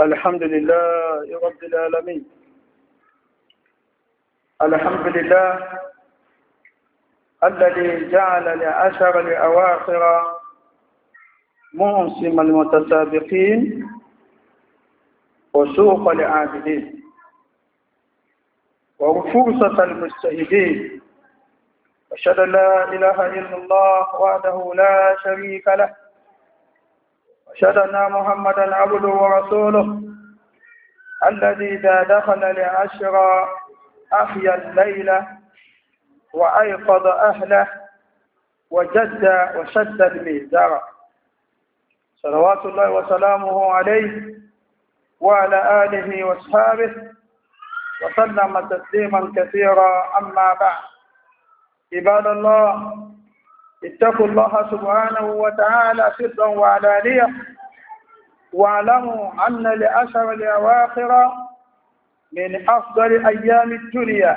الحمد لله رب العالمين الحمد لله الذي جعل لأشر الأواخر موسم المتسابقين وسوق العابدين وفرصة المستهدين أشهد لا إله إلا الله وحده لا شريك له أشهد أن محمدا عبده ورسوله الذي إذا دخل لعشرة أحيا الليلة وأيقظ أهله وجد وشد الميزار صلوات الله وسلامه عليه وعلى آله وأصحابه وسلم تسليما كثيرا أما بعد عباد الله اتقوا الله سبحانه وتعالى سرا وعلانية واعلموا أن لأشر الأواخر من أفضل أيام الدنيا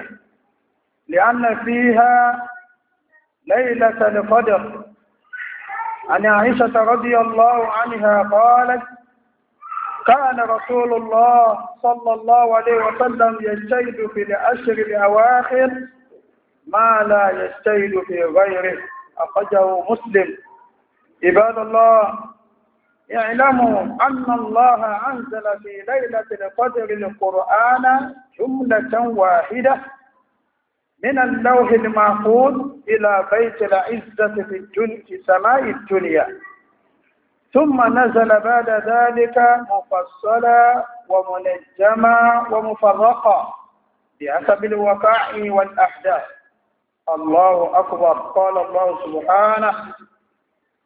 لأن فيها ليلة القدر عن عائشة رضي الله عنها قالت كان رسول الله صلى الله عليه وسلم يجتهد في الأشهر الأواخر ما لا يجتهد في غيره أخرجه مسلم عباد الله اعلموا أن الله أنزل في ليلة القدر القرآن جملة واحدة من اللوح المحفوظ إلى بيت العزة في, سماء الدنيا ثم نزل بعد ذلك مفصلا ومنجما ومفرقا بحسب الوقائع والأحداث الله أكبر قال الله سبحانه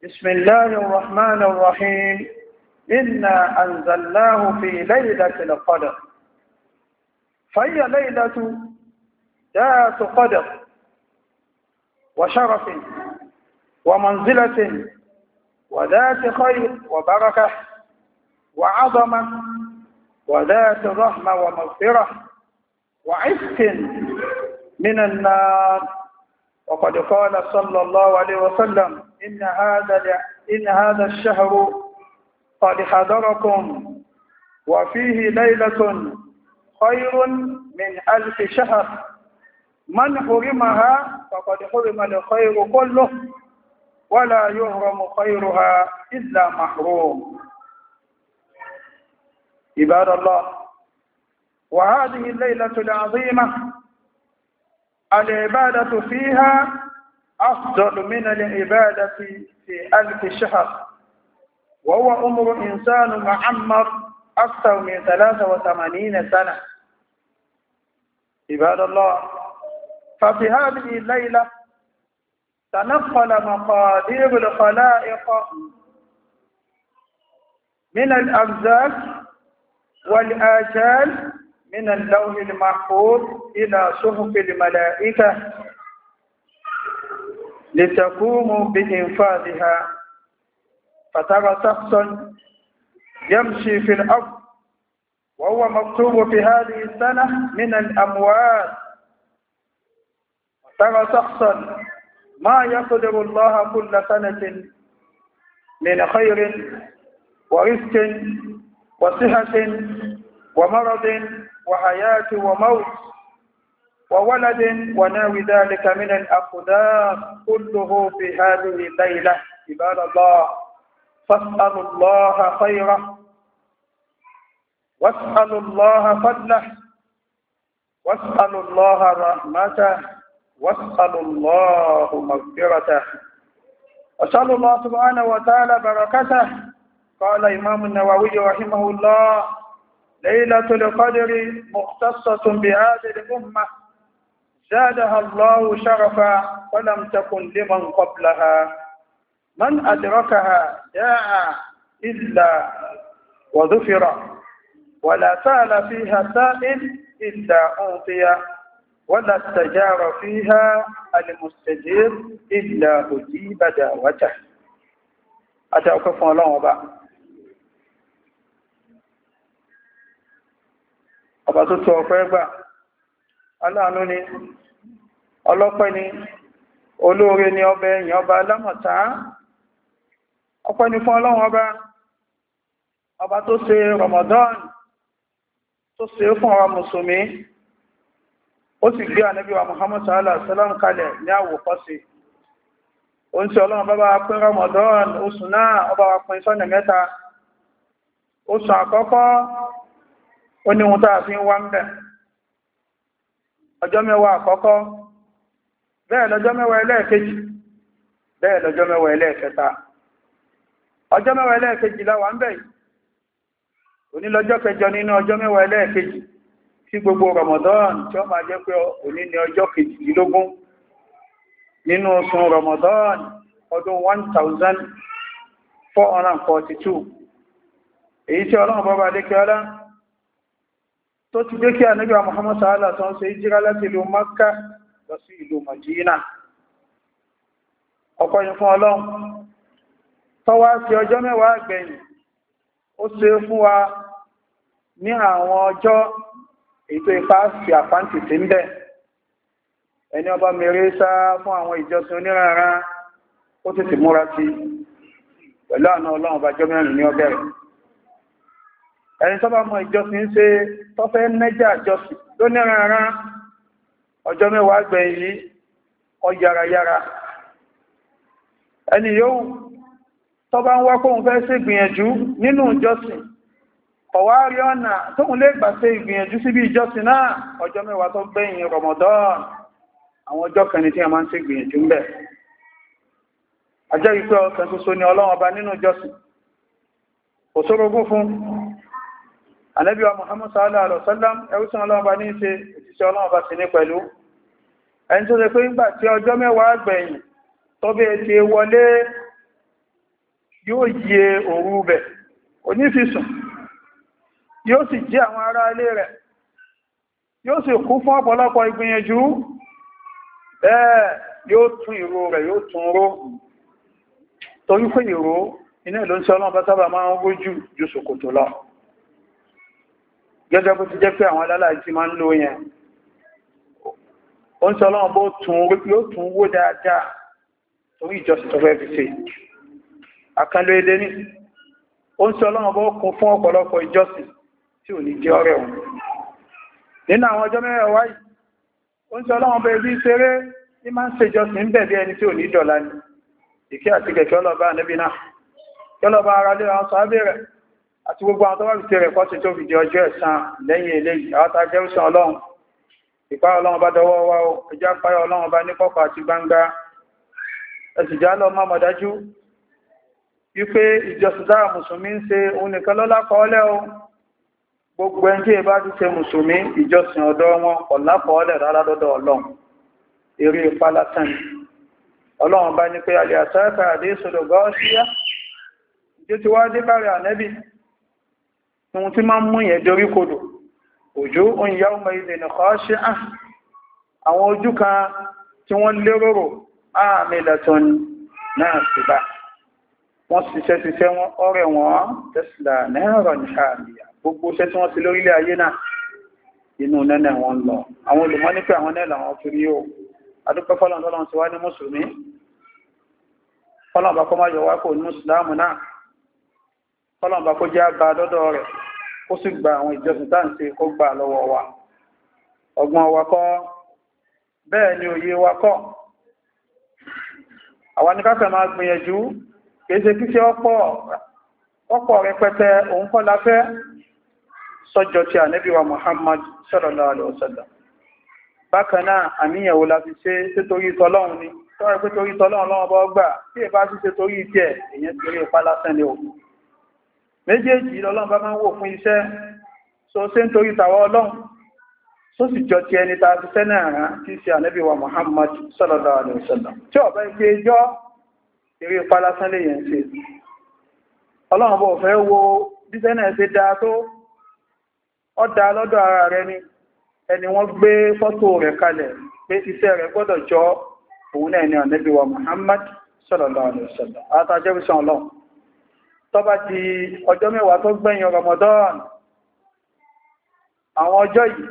بسم الله الرحمن الرحيم إنا أنزلناه في ليلة القدر فهي ليلة ذات قدر وشرف ومنزلة وذات خير وبركة وعظمة وذات رحمة ومغفرة وعزة من النار وقد قال صلى الله عليه وسلم إن هذا إن هذا الشهر قد حضركم وفيه ليلة خير من ألف شهر من حرمها فقد حرم الخير كله ولا يهرم خيرها إلا محروم عباد الله وهذه الليلة العظيمة العبادة فيها أفضل من العبادة في ألف شهر وهو عمر إنسان معمر أكثر من 83 سنة عباد الله ففي هذه الليلة تنقل مقادير الخلائق من الأرزاق والآجال من اللوح المحفوظ إلى صحف الملائكة لتقوموا بإنفاذها فترى شخصا يمشي في الأرض وهو مكتوب في هذه السنة من الأموات ترى شخصا ما يقدر الله كل سنة من خير ورزق وصحة ومرض وحياة وموت وولد وناوي ذلك من الأقدام كله في هذه الليلة عباد الله فاسألوا الله خيره واسألوا الله فضله واسألوا الله رحمته واسألوا الله مغفرته وسألوا الله سبحانه وتعالى بركته قال إمام النووي رحمه الله ليلة القدر مختصة بهذه الأمة زادها الله شرفا ولم تكن لمن قبلها من أدركها جاء إلا وظفر ولا سأل فيها سائل إلا أعطي ولا استجار فيها المستجير إلا أجيب دعوته أتوقف الله ọba tó tó ọpẹ́ gbà aláàánú ni ọlọ́pẹ́ ni olóore ni ọba ẹ̀yìn ọba alámọ̀tá ọpẹ́ ni fún ọlọ́run ọba ọba tó ṣe Ramadan tó se fún ọwà mùsùlùmí ó sì gbé ànábì Muhammad sallallahu alaihi wasallam kalẹ̀ ní àwòkọ́ṣe ó ń tí ọlọ́run bábá pín Ramadan oṣù náà ọba wa pín sọ́nà mẹ́ta oṣù àkọ́kọ́ ó ní ohun tàà fi ń wá ń bẹ̀ ọjọ́ mẹ́wàá àkọ́kọ́ bẹ́ẹ̀ lọ́jọ́ mẹ́wàá ẹlẹ́ẹ̀kejì bẹ́ẹ̀ lọ́jọ́ mẹ́wàá ẹlẹ́ẹ̀kẹta ọjọ́ mẹ́wàá ẹlẹ́ẹ̀kejì láwà ń bẹ̀ yìí òní lọ́jọ́ kẹjọ nínú ọjọ́ mẹ́wàá ẹlẹ́ẹ̀kejì tí gbogbo Ramadan tí ó máa jẹ́ pé òní ni ọjọ́ kejìdínlógún nínú oṣù Ramadan ọdún 1442 èyí tí ọlọ́run bọ́bá adékẹ́ ọlọ́run tó ti jẹ́ kí ànábíwá Muhammad sa'ala tó ń ṣe jíra láti ìlú Makka lọ sí ìlú Madina ọ̀pọ̀ yìí fún Ọlọ́run tọ́wá sí ọjọ́ mẹ́wàá àgbẹ̀yìn ó ṣe fún wa ní àwọn ọjọ́ ètò ipá sí àpáǹtì tí ń bẹ̀ ẹni ọba mẹ́rẹ́ sá fún àwọn ìjọsìn oníranran ó tètè múra sí pẹ̀lú àna Ọlọ́run ọba mẹ́rin ní ọbẹ̀rẹ̀ ẹni tó bá mọ ìjọsìn ṣe tó fẹ́ nẹ́jà ìjọsìn ló ní ọjọ́ mẹ́wàá gbẹ̀yìn yìí ọ ẹni yóò tó ń wá kóhun fẹ́ ṣe ìgbìyànjú nínú ìjọsìn ọ̀wárí ọ̀nà tóhun lè gbà ṣe ìgbìyànjú ìjọsìn náà ọjọ́ mẹ́wàá tó gbẹ̀yìn ànábì wa muhammad sallallahu alaihi wasallam ẹwùsùn ọlọ́run bá ní í ṣe òṣìṣẹ́ ọlọ́run bá sì ní pẹ̀lú ẹni tó ṣe pé ńgbà tí ọjọ́ mẹ́wàá gbẹ̀yìn tó bí ti wọlé yóò yẹ òru bẹ̀ onífisùn yóò sì jí àwọn ará ilé rẹ̀ yóò sì kú fún ọ̀pọ̀lọpọ̀ ìgbìyànjú bẹ́ẹ̀ yóò tún ìró rẹ̀ yóò tún ró torí pé ìró iná ìlú ń sọ ọlọ́run bá sábà máa ń rójú ju ṣòkòtò lọ gẹ́gẹ́ bó ti jẹ́ pé àwọn alálàájí máa ń lò yẹn ó ń sọ lọ́wọ́ bó tún yóò tún wó dáadáa torí ìjọsìn tó fẹ́ fi ṣe àkànlò ilé ní ó ń sọ lọ́wọ́ bó kún fún ọ̀pọ̀lọpọ̀ ìjọsìn tí ò ní jẹ́ ọrẹ òun nínú àwọn ọjọ́ mẹ́rẹ̀ wáyìí ó ń sọ lọ́wọ́ bó ibi ṣeré ní máa ń ṣe ìjọsìn ń bẹ̀bí ẹni tí ò ní dọ̀la ni ìkẹ́ àti kẹ̀kẹ́ ọlọ́ba ànẹ́bí náà kẹ́lọ́ba ara lé àwọn sọ àti gbogbo àwọn tó wà lùtẹ́ rẹ̀ pọ́sí tó fi di ọjọ́ ẹ̀san lẹ́yìn eléyìí àwọn tá jẹ́ òsàn ọlọ́run ìpá ọlọ́run bá dọwọ́ wá o ẹjá páyọ ọlọ́run bá ní kọ̀kọ̀ àti gbangba ẹ̀sìjá lọ má mọ̀dájú wípé ìjọsìdára mùsùlùmí ń ṣe òun nìkan lọ́lá kọ́ọ́lẹ̀ o gbogbo ẹni tí ẹ bá ti ṣe mùsùlùmí ìjọsìn ọ̀dọ̀ wọn ọ̀lá kọ́ọ́lẹ̀ rárá wá dé ànẹ́bì ohun tí máa ń mú yẹn dorí kodò òjò oúnjẹ ọmọ ilẹ̀ nìkan ṣe á àwọn ojú kan tí wọ́n lérò ààmì lẹ́tọ́n náà sì bá wọ́n ṣiṣẹ́ ṣiṣẹ́ wọn ọ̀rẹ́ wọn tesla náírà ní àmìyà gbogbo iṣẹ́ tí wọ́n ti lórílẹ̀ ayé náà inú nẹ́nẹ̀ wọn lọ àwọn olùmọ́ kọ́lọ̀mbà kó jẹ́ àgbà lọ́dọ̀ rẹ̀ ó sì gba àwọn ìjọsìn tá ń ṣe kó gbà lọ́wọ́ wa ọgbọ́n wa kọ́ bẹ́ẹ̀ ni òye wa kọ́ àwọn ni máa gbìyànjú kéèṣe kíṣẹ́ ọ̀pọ̀ rẹpẹtẹ òun kọ́ la sọ́jọ́ ti ànẹ́bí Muhammad sallallahu alaihi wasallam bákan náà àníyànwó la fi ṣe ṣe torí tọlọ́run ni tọ́rọ pé torí tọlọ́run lọ́wọ́ bọ́ gbà tí èbá méjèèjì lọ́lọ́run bá máa wò fún iṣẹ́ so ṣe ń torí ọlọ́run sì jọ ti ẹni ta ti sẹ́nà àrán tí ṣe Muhammad sallallahu ike wo ọ ara rẹ mi ẹni wọ́n gbé fọ́tò rẹ̀ kalẹ̀ pé iṣẹ́ rẹ̀ gbọ́dọ̀ jọ òun náà ni tọ́bá ti ọjọ́ mẹ́wàá tó gbẹ̀yìn Ramadan àwọn ọjọ́ yìí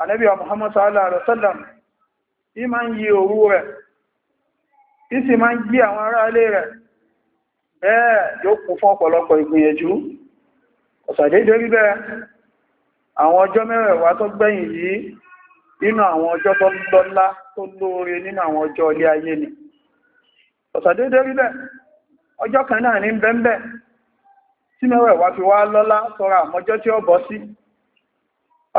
Ànábì Muhammad sallallahu alaihi wasallam í ń yí òru rẹ̀ í sì máa ń àwọn ará alé rẹ̀ bẹ́ẹ̀ yóò kún fún ọ̀pọ̀lọpọ̀ ìgbìyànjú ọ̀sàdédé rí bẹ́ẹ̀ àwọn ọjọ́ mẹ́wàá tó gbẹ̀yìn yìí nínú àwọn ọjọ́ tó lọ́lá tó lóore nínú àwọn ọjọ́ ilé ayé ni ọ̀sàdédé rí bẹ́ẹ̀ ọjọ́ kan náà ní tí mẹ́wẹ̀ẹ́ wá fi wá lọ́lá sọ́ra àmọ́jọ́ tí ó bọ́ sí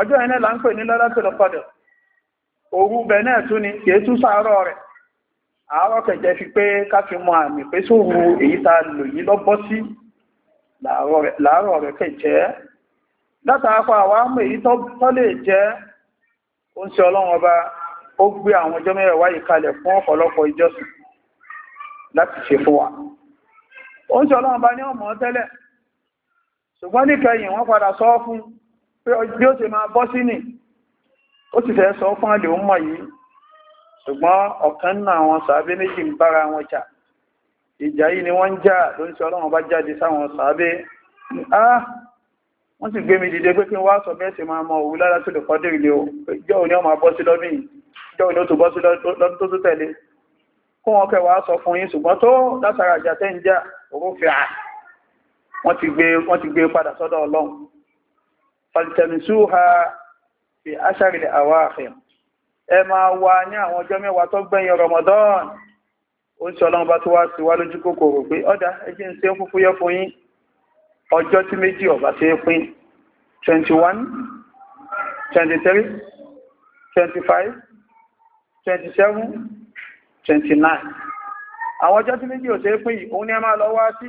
ọjọ́ yẹn náà là ń pè ní lọ́lá tòlọ́ padà òru bẹ̀ náà tún ni kìí tún sáárọ̀ rẹ̀ àárọ̀ kẹ̀jẹ́ fi pé ká fi mọ àmì pé sóru èyí ta lò yí lọ́bọ́ sí láàárọ̀ rẹ̀ kẹ̀jẹ́ látàápa àwọn àmọ́ èyí tọ́ lè jẹ́ ó ń ṣe ọlọ́run ọba ó gbé àwọn ọjọ́ mẹ́rẹ̀ wáyé kalẹ̀ fún ọ̀pọ̀lọpọ̀ ìjọsìn láti ṣe fún wa ó ń ṣe ọlọ́run ọba ní ọmọ tẹ́lẹ̀ ṣùgbọ́n níkẹyìn wọ́n padà sọ fún pé bí ó ṣe máa bọ́ sí nì ó ti fẹ́ sọ fún àlè òun mọ̀ yìí ṣùgbọ́n ọ̀kan náà àwọn sàábé méjì ń bára wọn jà ìjà yìí ni wọ́n ń jà lórí sí ọlọ́run bá jáde sáwọn sàábé ah wọ́n sì gbé mi dìde pé kí n wá sọ bẹ́ẹ̀ sì máa mọ òwú lára tó lè kọ́dé o ìjọ òní ọmọ bọ́ sí lọ́dún yìí ìjọ òní ó tó bọ́ sí lọ́dún tó tó tẹ̀lé kó wọn kẹwàá sọ fún yín ṣùgbọ́n tó látara àjà tẹ́ ń jà òrófẹ́ à wọ́n ti gbé wọ́n ti gbé padà sọ́dọ̀ ọlọ́run falitẹ̀mísúha fi aṣàrìlẹ̀ àwọ̀ àfẹ́ ẹ máa wà ní àwọn ọjọ́ mẹ́wàá tó gbẹ̀yìn Ramadan ó ń sọ ọlọ́run bá tó wá sí wá lójú kòkòrò pé ọ̀dà ẹjẹ́ ń ṣe ń fúfú yọ fún yín ọjọ́ tí méjì ọ̀bá ṣe é pín 21 23 25 27 29 àwọn ọjọ́ tí méjì ò ṣe é pín yìí òun ni ẹ máa lọ wá sí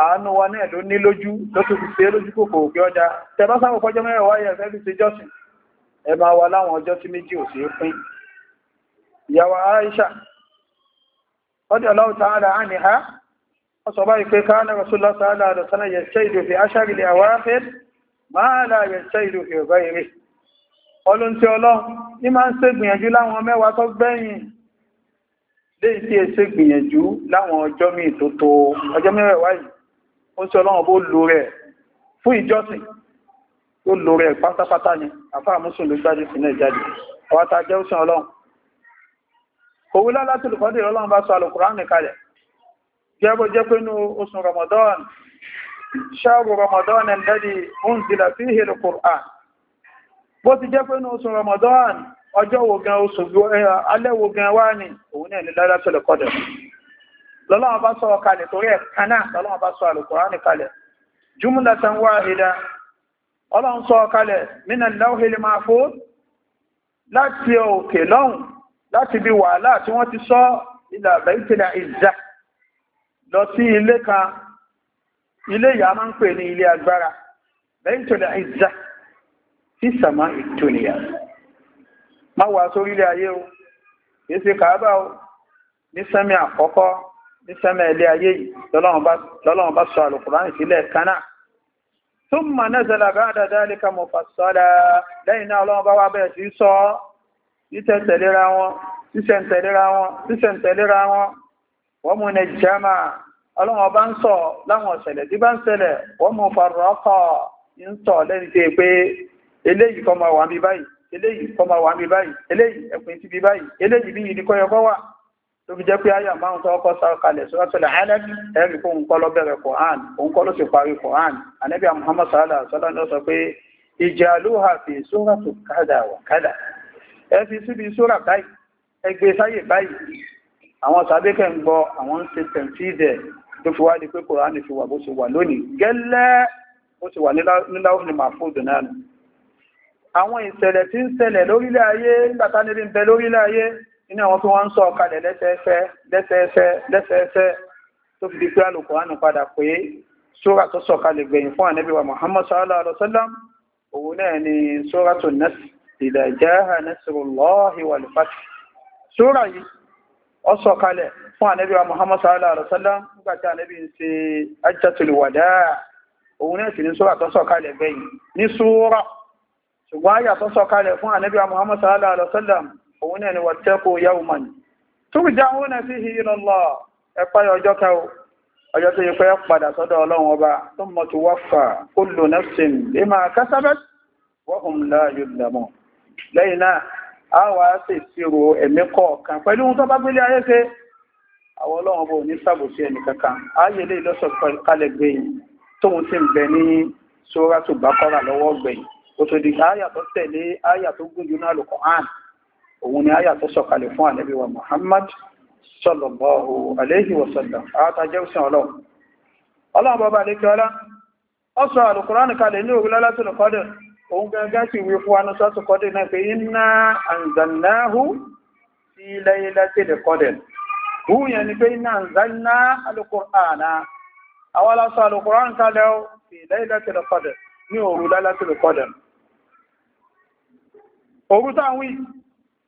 àánú wa náà ló ní lójú ló tó fi ṣe lójú kòkò òkè ọjà tẹbá sáwọn kọjọ mẹ́rẹ̀ wáyé ẹ̀fẹ́ fi ṣe jọ́sìn ẹ máa wà láwọn ọjọ́ tí méjì ò sí pín ìyàwó Aisha ọdí Allahu ta'ala anha wọ́n sọ kana Rasulullah sallallahu alaihi wasallam yajtahidu fi la yajtahidu fi ghayrih ọlọ́n tí ọlọ́n ní máa ń ṣe gbìyànjú láwọn mẹ́wàá tó gbẹ̀yìn léyìí tí ẹ ṣe gbìyànjú láwọn ọjọ́ míì tó tó ọjọ́ mẹ́wàá yìí ó ń sọ ọlọ́run bó lò rẹ̀ fún ìjọsìn ó lò rẹ̀ pátápátá ni àfáà mùsùn ló jáde sínú ìjáde ọwá ta jẹ́ òsìn ọlọ́run òwú lálátì lùkọ́dé ọlọ́run bá sọ alùkùránì kalẹ̀ jẹ́ bó jẹ́ pé nú oṣù ramadan ṣáàrù ramadan ẹ̀ndẹ́dì oun zìlà sí ìhìrì kùrán bó ti jẹ́ pé nú oṣù ramadan ọjọ́ wo gan oṣù alẹ́wo gan wá ní òun náà ni lálátì lùkọ́dé lọ́lọ́wọ́ bá sọ kalẹ̀ torí ẹ̀ kaná lọ́lọ́wọ́ bá sọ alùkùránì kalẹ̀ jumlatan wahida ọlọ́run sọ kalẹ̀ minal lawhil mahfuz láti òkè lọ́hùn láti bí wàhálà tí wọ́n ti sọ ila baytil izza lọ sí ilé kan ilé ìyá máa ń pè ní ilé agbára baytil izza sí sàmá ìtòníyà má wà ní sẹ́mẹ̀ ilé ayé yìí lọ́lọ́run bá sọ àlùkùránì sílẹ̀ kaná tó mọ̀ nẹ́sẹ̀lá bá dáadáa lè ka mọ̀ fàṣọ́lá lẹ́yìn náà ọlọ́run bá wá bẹ̀rẹ̀ sí sọ títẹ̀tẹ̀lera wọn títẹ̀tẹ̀lera wọn títẹ̀tẹ̀lera wọn wọ́n mú ní jama ọlọ́run bá ń sọ láwọn ọ̀sẹ̀lẹ̀ tí bá ń ṣẹlẹ̀ wọ́n mú farọ́kọ̀ ń sọ lẹ́ni tó fi jẹ́ pé àyà márùn tó ọkọ̀ sáré kalẹ̀ sọ́tọ̀lẹ̀ alẹ́ ẹ̀rí kó ń kọ́ lọ bẹ̀rẹ̀ Quran òun kọ́ ló sì parí Quran anabi Muhammad sallallahu alaihi wasallam ló sọ pé ijaluha fi suratu kada wa kada ẹ fi síbi sóra báyìí ẹ gbé sáyè báyìí àwọn sàbẹ́kẹ̀ ń gbọ́ àwọn ń ṣe tẹ̀síìdẹ̀ tó fi wá di pé Quran ìṣẹ̀lẹ̀ tí ń ṣẹlẹ̀ lórílẹ̀ ayé nígbàtánilé ń bẹ lórílẹ̀ ayé inú àwọn tó wọ́n ń sọ ọ̀kadẹ̀ lẹ́sẹẹsẹ lẹ́sẹẹsẹ lẹ́sẹẹsẹ tó fi di pé alùkùránù padà pé sóra tó sọ̀kalẹ̀ gbẹ̀yìn fún ànẹ́bíwà Muhammad sallallahu alaihi wasallam òun náà ni sóra tó nẹ́sì ìdàjáhà nasrullahi wal fath sóra òun náà ni wattaqu yawman turja'una fihi ila Allah ẹ̀páyọ̀ ọjọ́ ká o ọjọ́ tó yẹ pé padà sọ́dọ̀ ọlọ́run ọba thumma tuwaffa kullu nafsin bima kasabat wa hum la yudlamun lẹ́yìn náà a wà á sì ṣírò ẹ̀mí kọ̀ọ̀kan tó bá gbélé ayé ṣe ọlọ́run ọba ò ní ṣàbòsí ẹnì kankan ayé lè lọ́sọ̀ kalẹ̀ gbẹ̀yìn tóun ti ń bẹ ní Suratul Baqara lọ́wọ́ gbẹ̀yìn òun ni àyà tó sọ̀kalẹ̀ fún ànábì wa Muhammad sallallahu alayhi wa sallam àtàjẹ́ òsìn ọlọ́run ọlọ́run bọ́bá lékẹ́ ọlá ọ sọ alùkùránì kalẹ̀ ní òwúlọ́ látìlù kọ́dẹ̀ òun gẹ́gẹ́ sì wí fún ni pé inna anzalna alùkùránà àwọn aláṣọ alùkùránì kalẹ̀ sí laylatil qadr ní òwúlọ́ látìlù kọ́dẹ̀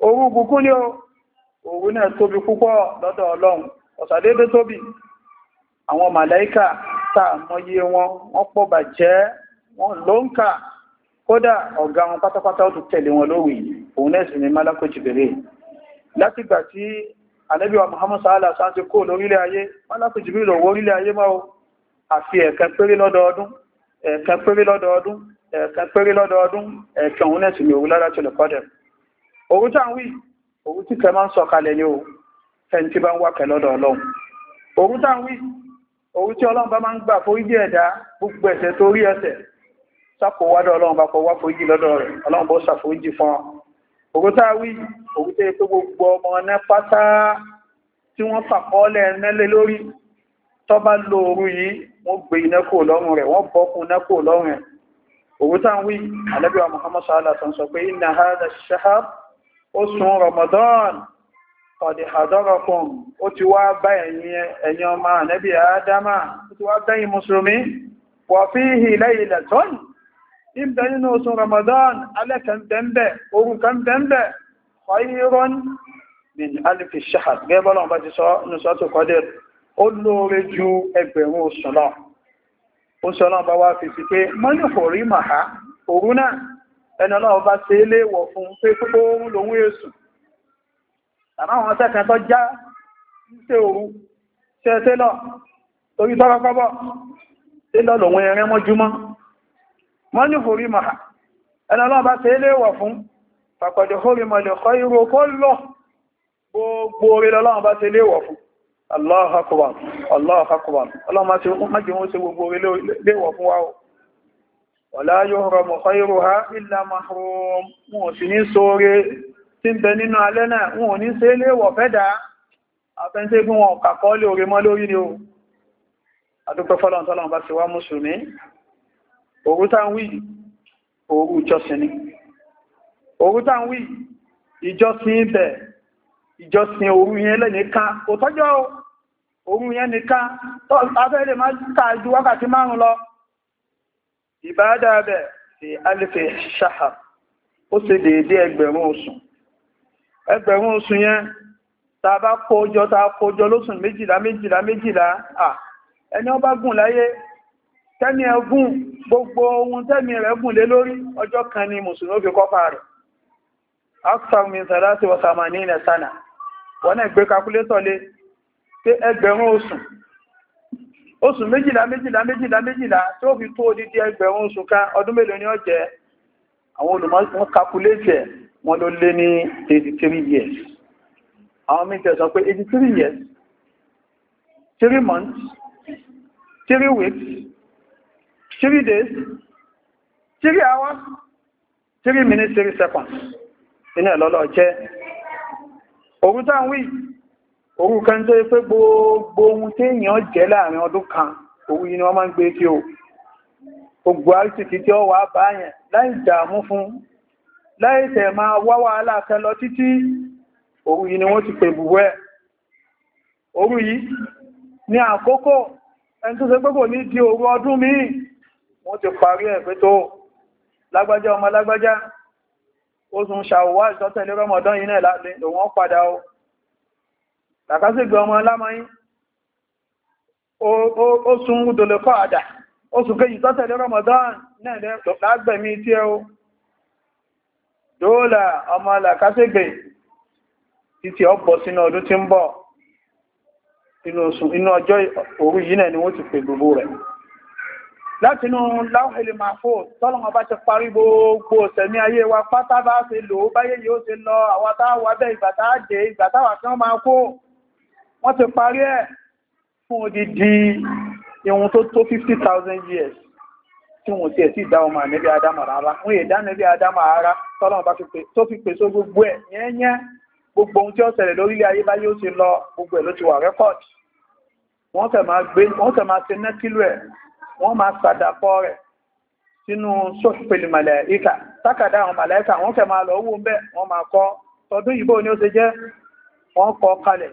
orú gúgún ní òwú náà tóbi púpọ̀ lọ́dọ̀ ọlọ́run ọ̀sàdédé tóbi àwọn màláíkà tàà mọye wọn wọ́n pọ̀ bàjẹ́ wọ́n ló ń kà kódà ọ̀gá wọn pátápátá ó tún tẹ̀lé wọn lórí òun náà sì ni málákò jìbèrè látìgbà tí ànábì wa Muhammad sàálà sáńtì kó lórílẹ̀ ayé málákò jìbèrè lọ wórílẹ̀ ayé máa àfi ẹ̀ẹ̀kan péré lọ́dọọdún ẹ̀ẹ̀kan péré lọ́dọọdún péré lọ́dọọdún òru tá ń wí òru tí kẹ máa ń sọ̀kalẹ̀ ni o ẹni tí bá ń wákẹ lọ́dọ̀ Ọlọ́run òru tá ń wí òru tí Ọlọ́run bá máa ń gbà foríjì ẹ̀dá gbogbo ẹ̀ṣẹ̀ tó rí ẹ̀ṣẹ̀ sápò wádọ Ọlọ́run bá kọ wá foríjì lọ́dọ̀ rẹ̀ Ọlọ́run bó ṣàforíjì fún ọ òru tá wí òru tẹ pé gbogbo ọmọ ọ̀nà pátá tí wọ́n fàkọọ́lẹ̀ nẹ́lẹ̀ lórí tó bá lo òru yìí wọ́n gbé iná kò lọ́rùn rẹ̀ wọ́n bọ́kùn iná kò lọ́rùn rẹ̀ òru ń wí alẹ́bíwá Muhammad sallallahu alaihi wasallam sọ pé inna hadha ash oṣù Ramadan ọ̀dẹ̀ àdọ́rọ̀kùn ó ti wá bá ẹ̀yin ọmọ ànẹ́bí àádámà ó ti wá bẹ́yìn mùsùlùmí wà fi hì lẹ́yìn lẹ́tọ́nì ìbẹ̀ nínú oṣù Ramadan alẹ́kẹ̀ẹ́bẹ̀ orúkẹ̀ẹ́bẹ̀ ọ̀yírọ́n min alifi shahad gẹ́bọ́lọ̀ bá ti sọ ní sọ́tò kọ́dẹ̀ ó lóore ju ẹgbẹ̀rún oṣù náà oṣù ẹni ọlọ́run bá ṣe ilé ìwọ̀ fún pé púpọ̀ oòrùn lòun èsù àmá àwọn tẹ́kẹ̀ẹ́ tó já ṣe òru ṣe tẹ́lọ̀ torí tọ́rọ kọ́bọ̀ tẹ́lọ̀ lòun ẹ̀rẹ́ mọ́júmọ́ wọ́n ní forí mà ẹni ọlọ́run bá ṣe ilé ìwọ̀ fún pàpàdé forí mọ̀lẹ̀ kọ́ irú kó lọ gbogbo orí lọ́lọ́run bá ṣe ilé ìwọ̀ fún Allah akbar Allah akbar ọlọ́run má ṣe gbogbo orí léwọ̀ fún wa o wọ̀lá yóò rọmù kọ́ìrò ha ìlà mahrum wọn ò sì ní sóre tí ń bẹ nínú alẹ́ náà wọn ò ní sí ilé wọ̀ fẹ́dà afẹ́ntẹ́ bí wọn kàkọ́ lè orí mọ́ lórí ni o adúpẹ́ fọ́lọ̀n bá ti wá mùsùlùmí òru tá ń wí òru ìjọsìn ni òru tá ń wí ìjọsìn ibẹ̀ ìjọsìn òru yẹn lẹ́nìkan kò tọ́jọ́ òru yẹn nìkan afẹ́ lè má kà ju wákàtí márùn-ún lọ ìbáadà bẹ̀ sí alifẹ̀ ṣáhà ó ṣe déédé ẹgbẹ̀rún oṣù ẹgbẹ̀rún oṣù yẹn ta bá kójọ ta kójọ lóṣùn méjìlá méjìlá méjìlá à ẹni ó bá gùn láyé tẹ́mi ẹgùn gbogbo ohun tẹ́mi rẹ̀ gùn lé lórí ọjọ́ kan ni mùsùlùmí fi kọ́pa na sana wọn náà gbé kakulétọ̀ lé pé oṣù méjìlá méjìlá méjìlá méjìlá tí ó fi tó odidi ẹgbẹ̀rún oṣù kan ọdún mélòó ni ó jẹ́ àwọn olùmọ̀ kakuléṣẹ̀ wọn ló lé ní 83 years àwọn mítẹ̀ sọ pé 83 years 3 months 3 weeks 3 days 3 hours 3 minutes 3 seconds inú ẹ̀lọ́lọ́ jẹ́ òun táwọn wíì òun kan tó yẹ pé gbogbo ohun tí èèyàn jẹ́ láàrin ọdún kan òun yìí ni wọ́n máa ń gbé tí o gbogbo àìsìkí tí ó wà báyẹn láì dààmú fún láì tẹ̀ máa wá wàhálà kan lọ títí òun yìí ni wọ́n ti pè bùwẹ́ òru yìí ní àkókò ẹni tó ṣe pé kò ní di òru ọdún míì wọ́n ti parí ẹ̀ pé tó lágbájá ọmọ lágbájá ó tún ṣàwọ́wá ìtọ́tẹ̀lé rọmọdán yìí náà lòun padà o tàkásígbẹ̀ ọmọ alámọ́yí ó sún dole kọ́ àdà ó sún kéjì tọ́tẹ̀lẹ́ Ramadan náà lágbẹ̀mí tí ó dóòlà ọmọ làkásígbẹ̀ títí ọ̀pọ̀ sínú ọdún tí ń bọ̀ inú ọjọ́ òru yìí náà ni wọ́n ti pè gbogbo rẹ̀ látinú láwọ̀hẹ̀lẹ̀ máa fò tọ́lọ̀mọ́ bá ti parí gbogbo ọ̀sẹ̀mí ayé wa pátá bá ṣe lò ó báyé yóò ṣe lọ àwátáwà bẹ́ ìgbàtáà jẹ́ ìgbàtáwà kan máa kó wọ́n ti parí ẹ̀ fún odidi ihun tó tó 50,000 years tí wọ́n ti ẹ̀ sí ìdáwọn ọmọ ẹ̀nẹ́bí adama rárá wọ́n yẹ dánẹ́bí adama ara tọ́lọ́wọ́n bá tó fi pèsè gbogbo ẹ̀ yẹ́nyẹ́ gbogbo ohun tí ó ṣẹlẹ̀ lórílẹ̀ ayé bá yóò ti lọ gbogbo ẹ̀ ló ti wà rẹ́kọ̀dì wọ́n tẹ̀ máa ṣe nẹ́tílù ẹ̀ wọ́n máa ṣàdàpọ̀ rẹ̀ sínú sọ́fìpẹ̀lì màláíkà tákàdá àwọn màláíkà wọ́n tẹ̀ máa lọ owó ń bẹ́ wọ́n máa kọ́ tọdún ìbò ni ó ṣe jẹ́ wọ́n kọ́ kalẹ̀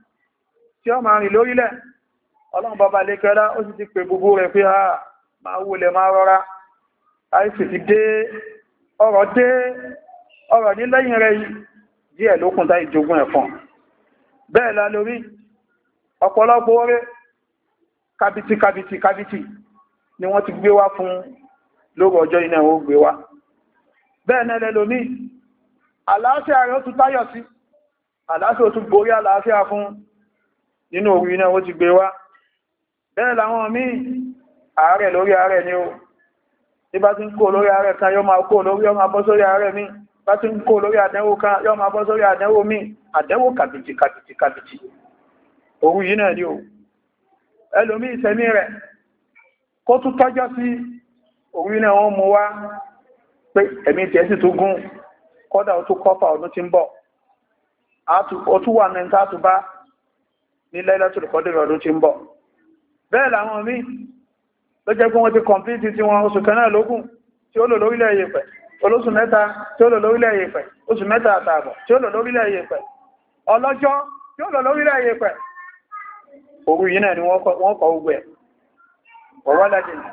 tí ó máa rìn lórílẹ̀ ọlọ́run bàbá lékẹ́lá ó sì ti pè gbogbo rẹ̀ pé a máa wulẹ̀ máa rọra àìsì ti dé ọ̀rọ̀ dé ọ̀rọ̀ ní lẹ́yìn rẹ̀ díẹ̀ lókun tá ìjogún ẹ̀fọn bẹ́ẹ̀ la lórí ọ̀pọ̀lọpọ̀ oore kabiti kabiti kabiti ni wọ́n ti gbé wá fún lórí ọjọ́ iná ó gbé wá bẹ́ẹ̀ náà lẹ́lòmí àlàáfíà rẹ̀ ó tún táyọ̀ sí àlàáfíà ó tún borí àlàáfíà fún nínú òwú iná ó ti gbé wá bẹ́ẹ̀ làwọn míì ààrẹ lórí ààrẹ ni ó tí bá ti ń kó lórí ààrẹ kan yóò máa kó lórí ọmọ abọ́ sórí ààrẹ míì bá ti ń kó lórí àdẹ́wò kan yóò máa bọ́ sórí àdẹ́wò míì àdẹ́wò kàbìtì kàbìtì kàbìtì òwú yìí náà ni ó ẹlòmí ìsẹ̀mí rẹ̀ kó tún tọ́jọ́ sí òwú iná wọn mú wá pé ẹ̀mí tiẹ̀ sì tún gún kọ́dà ó tún kọ́fà ọdún tí ń bọ̀ ó tún wà mẹ́ta tó bá ní Lailatul Qadr ọdún tí ń bọ̀ bẹ́ẹ̀ làwọn míì ló jẹ́ pé wọ́n ti kọ̀m̀pìtì tí wọ́n oṣù kan náà lókùn tí ó lò lórílẹ̀ yẹ̀pẹ̀ olóṣù mẹ́ta tí ó lò lórílẹ̀ yẹ̀pẹ̀ oṣù mẹ́ta àtààbọ̀ tí ó lò lórílẹ̀ yẹ̀pẹ̀ ọlọ́jọ́ tí ó lò lórílẹ̀ yẹ̀pẹ̀ òru yìí náà ni wọ́n kọ ẹ̀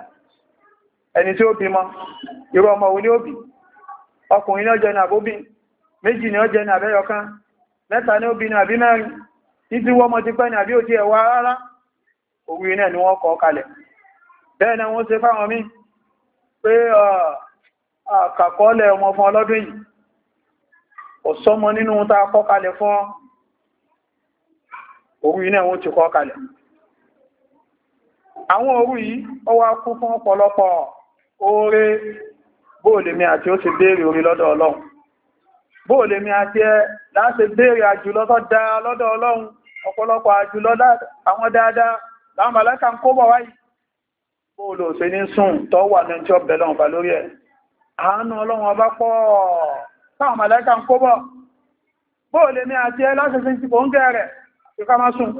ẹni tí ó ni ó bí ni ó ní àbóbí méjì ni ó ní àbẹ́yọkán mẹ́ta ni ó bí ní títí wọ́n mọ́ ti pẹ́ ní àbí ò tí ẹ̀wà rárá òwe náà ni wọ́n kọ kalẹ̀ bẹ́ẹ̀ náà wọ́n ṣe fáwọn mí pé àkàkọ́ọ́lẹ̀ ọmọ fún ọlọ́dún yìí kò sọ́mọ nínú ta kọ kalẹ̀ fún òwe náà wọ́n ti kọ kalẹ̀ àwọn òru yìí ó wá kú fún ọ̀pọ̀lọpọ̀ oore bóòlèmí àti ó ti béèrè orí lọ́dọ̀ ọlọ́run bóòlèmí àti ẹ láti béèrè àjù lọ́tọ́ dáa lọ́dọ̀ ọlọ́run ọ̀pọ̀lọpọ̀ àjùlọ àwọn dáadáa láwọn màláìkà ń kó bọ̀ wáyìí bóòlò ṣe ní sùn tọ́ wà ní ọjọ́ bẹ̀lẹ̀ ọ̀bà lórí ẹ̀ àánú ọlọ́run ọba pọ̀ táwọn màláìkà ń kó bọ̀ bóòlè ní àti ẹ lásẹsẹ ti kò ń gẹ́ rẹ̀ fi ká máa sùn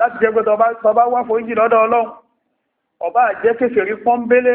láti jẹ́ pé tọba wá foríjì lọ́dọ̀ ọlọ́run ọba jẹ́ kéfèrí pọ́ńbélé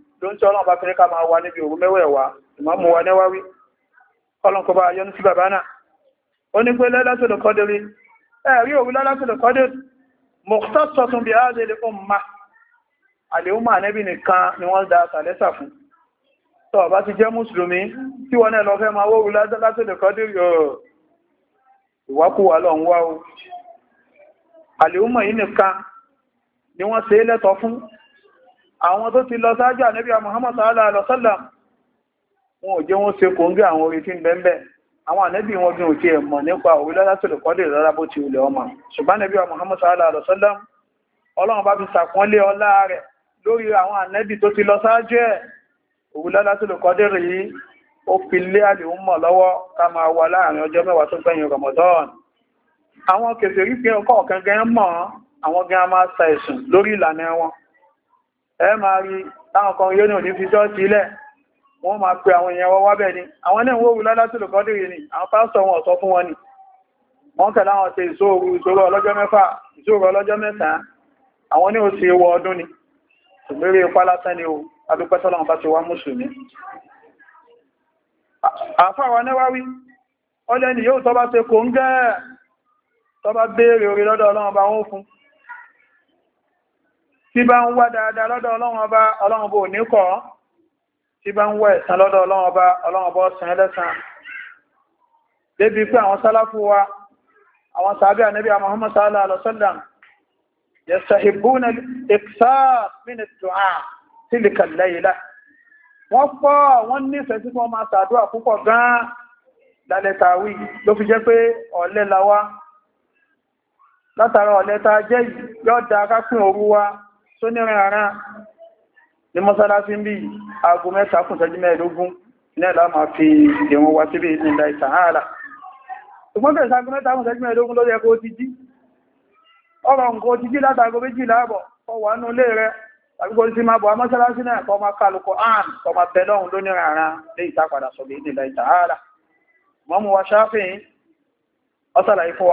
ló ń tí ọlọ́run bá fi ní ká máa wà níbi òru mẹ́wẹ̀ẹ̀wá ìmáàmù wa níwáwí ọlọ́run kó bá yọ́nú sí bàbá náà ó ní pé lẹ́lẹ́tòlù kọ́dẹ̀rí ẹ̀rí òru lẹ́lẹ́tòlù kọ́dẹ̀rí mọ̀tọ́sọ̀tún bí áàdẹ̀lẹ̀ ọmọ àlèúmà nẹ́bì nìkan ni wọ́n dá tàlẹ́sà fún tọ́ bá ti jẹ́ mùsùlùmí tí wọ́n náà lọ fẹ́ máa wóru lẹ́lẹ́tòlù kọ́dẹ̀rí ìwákúwà lọ ń wá o àlèúmà yìí nìkan ni wọ́n ṣe lẹ́tọ̀ fún àwọn tó ti lọ sáájú ànábì Muhammad sallallahu alaihi wasallam wọn ò jẹ́ wọ́n ṣe kò ń gẹ́ àwọn orin tí ń bẹ́ẹ̀ àwọn ànábì wọn bí òkè ẹ̀mọ̀ nípa òwe lọ́lásìlò kọ́lẹ̀ rárá bó ti ulẹ̀ ọmọ ṣùgbọ́n ànábì Muhammad sallallahu alaihi wasallam ọlọ́run bá fi sàpọ́nlé ọlá rẹ̀ lórí àwọn ànábì tó ti lọ sáájú ẹ̀ òwe lọ́lásìlò kọ́lẹ̀ yìí ó fi lé àlèhùn mọ̀ lọ́wọ́ ká máa wà láàrin ọjọ́ mẹ́wàá tó gbẹ̀yìn Ramadan àwọn kèfèrí fi ọkọ̀ ọ̀kan gan mọ̀ àwọn gan máa sa ẹ̀sùn lórí ìlànà wọn ẹ máa rí táwọn kan yóò ní fi ṣọ́ọ̀ṣì ilẹ̀ wọ́n máa pe àwọn èèyàn wọ́wọ́ bẹ̀ ni àwọn náà wọ́wù lálátùlù kọ́dìrì ni àwọn pásítọ̀ wọn ọ̀sọ́ fún wọn ni wọ́n kẹ̀lá wọn ṣe ìṣòro ìṣòro ọlọ́jọ́ mẹ́fà ìṣòro ọlọ́jọ́ mẹ́sàn-án àwọn ní òsì o adúpẹ́sọ́lọ́n bá ti wá mùsùlùmí àfà wa Nawawi ọlẹ́ni yóò tọ́ bá ṣe kò ń gẹ́ tọ́ bá béèrè orí lọ́dọ̀ Ọlọ́run tí bá ń wá dáadáa lọ́dọ̀ ọlọ́run ọba ọlọ́run bó ní kọ́ tí bá ń wá ẹ̀san lọ́dọ̀ ọlọ́run ọba ọlọ́run ọba ọ̀sán ẹlẹ́sàn débi pé àwọn sálàfù wa àwọn sàábí ànábì Muhammad sallallahu alaihi wasallam yastahibuna al-iksar min ad-du'a tilka al-layla ọmọ látara ọ̀lẹ́ jẹ́ yọ́ da kápín òru tó ní rìn àrán ní mọ́sálásí bí aago mẹ́ta kùn tẹ́jú mẹ́ẹ̀ẹ́dógún ní ẹ̀lá máa fi ìwọ̀n wá síbí ní ìlà ìtàhálà ṣùgbọ́n tẹ̀sí aago mẹ́ta kùn tẹ́jú mẹ́ẹ̀ẹ́dógún ló yẹ kó ti jí ọ̀rọ̀ nǹkan ti jí látàgọ́ méjì láàbọ̀ kọ wà nú ilé rẹ tàbí kó ti máa bọ̀ mọ́sálásí náà kọ máa wa ṣáfihìn ọ́sàlàyé fún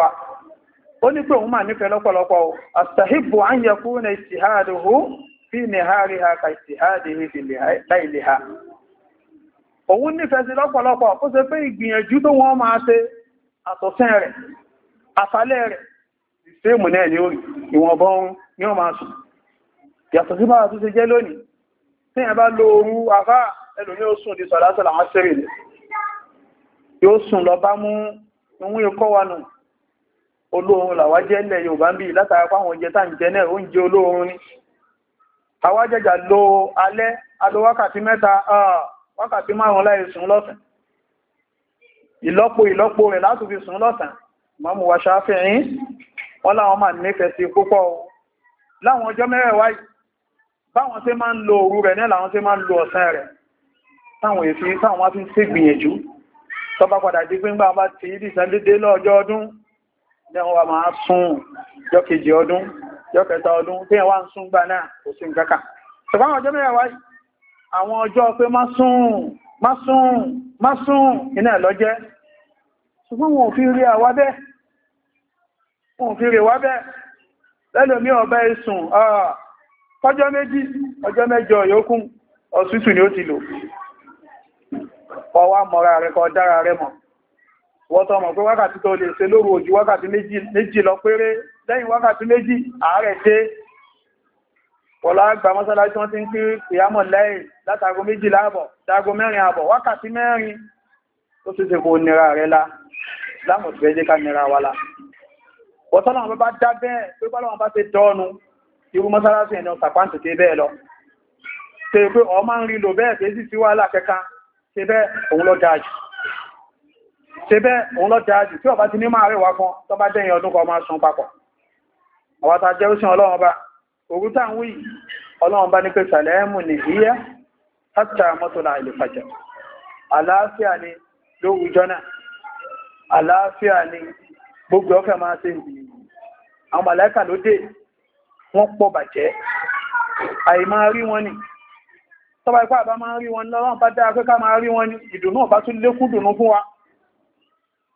ó ní pé òun máa nífẹ̀ẹ́ lọ́pọ̀lọpọ̀ àṣàhìbò à ń yẹ kú ní ìṣìháàdì hù fi ní àárí ha ka ìṣìháàdì láìlè ha òun nífẹ̀ẹ́ sí lọ́pọ̀lọpọ̀ kó ṣe pé ìgbìyànjú tó wọ́n máa ṣe àtọ̀sẹ́ rẹ̀ àfálẹ́ rẹ̀ ìṣẹ́mù náà ni ìwọ̀n bọ́n ní ọmọ asù yàtọ̀ sí bára tó ṣe jẹ́ lónìí tí ẹ bá lo orú afá ẹlòmí ó sùn olóorun làwa jẹ́ ilẹ̀ yorùbá ń bí látara fáwọn oúnjẹ tá ń oúnjẹ olóorun ni àwa jẹjà lo alẹ́ alo wákàtí mẹ́ta wákàtí márùn láì sùn lọ́sàn ìlọ́po ìlọ́po rẹ̀ láti fi sùn lọ́sàn mọ́mù wa ṣáfihìn wọ́n láwọn máa nífẹ̀ẹ́ sí púpọ̀ láwọn ọjọ́ mẹ́rẹ̀ lo òru rẹ̀ náà lo ọ̀sán rẹ̀ táwọn èfi táwọn wá fi ń ṣègbìyànjú tọ́ba padà di pé ńgbà bá ti ìdí lẹ́wọ́n wa máa sún jọ kejì ọdún jọ kẹta ọdún tí wọ́n ń sún gbà náà kò sí nǹkan kan ṣùgbọ́n àwọn ọjọ́ mẹ́rẹ̀ wáyé àwọn ọjọ́ pé má sún má sún má sún iná lọ́jẹ́ ṣùgbọ́n wọn ò fi rí àwa bẹ́ẹ̀ wọn ò fi rí wa bẹ́ẹ̀ lẹ́lòmí ọ̀bẹ ìsùn ọjọ́ méjì ọjọ́ mẹ́jọ yókùn ọ̀sútù ni ó ti lò ọwá mọ́ra rẹ̀ kọ dára rẹ̀ mọ̀ wọ́n tọ́ mọ̀ pé wákàtí tó lè ṣe lóru ojú wákàtí méjì lọ péré lẹ́yìn wákàtí méjì àárẹ̀ dé pọ̀lá gba mọ́sálásí wọ́n ti ń kí ìyámọ̀ lẹ́yìn látago méjì láàbọ̀ dágo mẹ́rin àbọ̀ wákàtí mẹ́rin tó sì ṣe kò nira rẹ̀ la láàmù tó ẹjẹ́ ká nira wa la wọ́tọ́nà wọn bá dá bẹ́ẹ̀ pé bọ́lọ́wọ́n bá ti dọ́ọ̀nu irú mọ́sálásí ẹ̀nà sàpáǹtì tẹ́ bẹ́ẹ̀ lọ tẹ́ pé ọ máa ń rí lò bẹ́ẹ̀ tẹ́ sì sí wàhálà kẹka tẹ́ bẹ́ẹ̀ òun lọ dáa jù ṣe bẹ́ òun lọ́tẹ̀ ajù tí ọba ti ní máa rẹwà kan tó bá dẹ̀yìn ọdún kan máa sun papọ̀ àwátà jẹ́ òṣìn ọlọ́run bá òru tá ń wí ọlọ́run bá ní pé sàlẹ́mù ní ìyẹ́ hátà mọ́tòlá ilẹ̀ fàjẹ̀ àlàáfíà ni lóru jọ́nà àlàáfíà ni gbogbo ọkẹ́ máa ṣe ń bìí àwọn màláìkà ló dé wọ́n pọ̀ bàjẹ́ àì máa rí wọn ni tọ́bà ipá àbá máa rí wọn lọ́wọ́n bá dáa pé ká máa rí wọn ni ìdùnnú ọ̀bá tún lékún dùnnú fún wa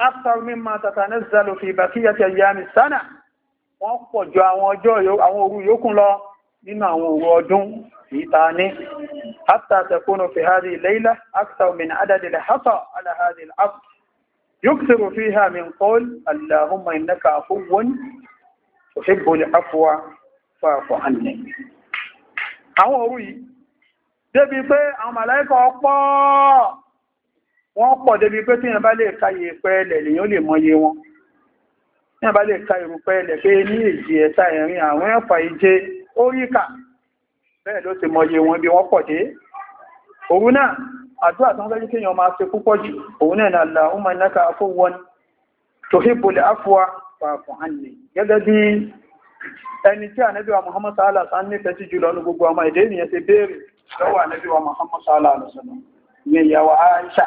after mímọ̀ tàtàní zalo fi ìbà kíyà ti ẹ̀yà ní sánà wọ́n pọ̀ jọ àwọn ọjọ́ àwọn òru yókùn lọ nínú àwọn òru ọdún ìtaní after tẹkúnnù fi hàdì ilẹ̀ after min adadilẹ̀ hasọ̀ alahadi al'af yóò fi ha min kọ́l allahumma innaka afuwun tuhibbul afwa fa'fu àwọn òru yìí débi pé àwọn màláíkà ọ̀pọ̀ wọ́n pọ̀ débi pé tí yẹn bá lè ka yìí pẹ́ẹ̀lẹ̀ lèyàn lè mọye wọn tí yẹn bá lè ka ìrù pẹ́ẹ̀lẹ̀ pé ní èjì ẹ̀ta ẹ̀rin àwọn ẹ̀fà ìje ó rí bẹ́ẹ̀ ló ti mọye wọn bí wọ́n pọ̀ dé òun náà àdúrà tó ń fẹ́ kí èèyàn máa ṣe púpọ̀ jù òun náà nàlà ó máa náka pàápàá gẹ́gẹ́ bí ẹni Muhammad nífẹ̀ẹ́ sí jùlọ ní gbogbo ọmọ Muhammad ní Aisha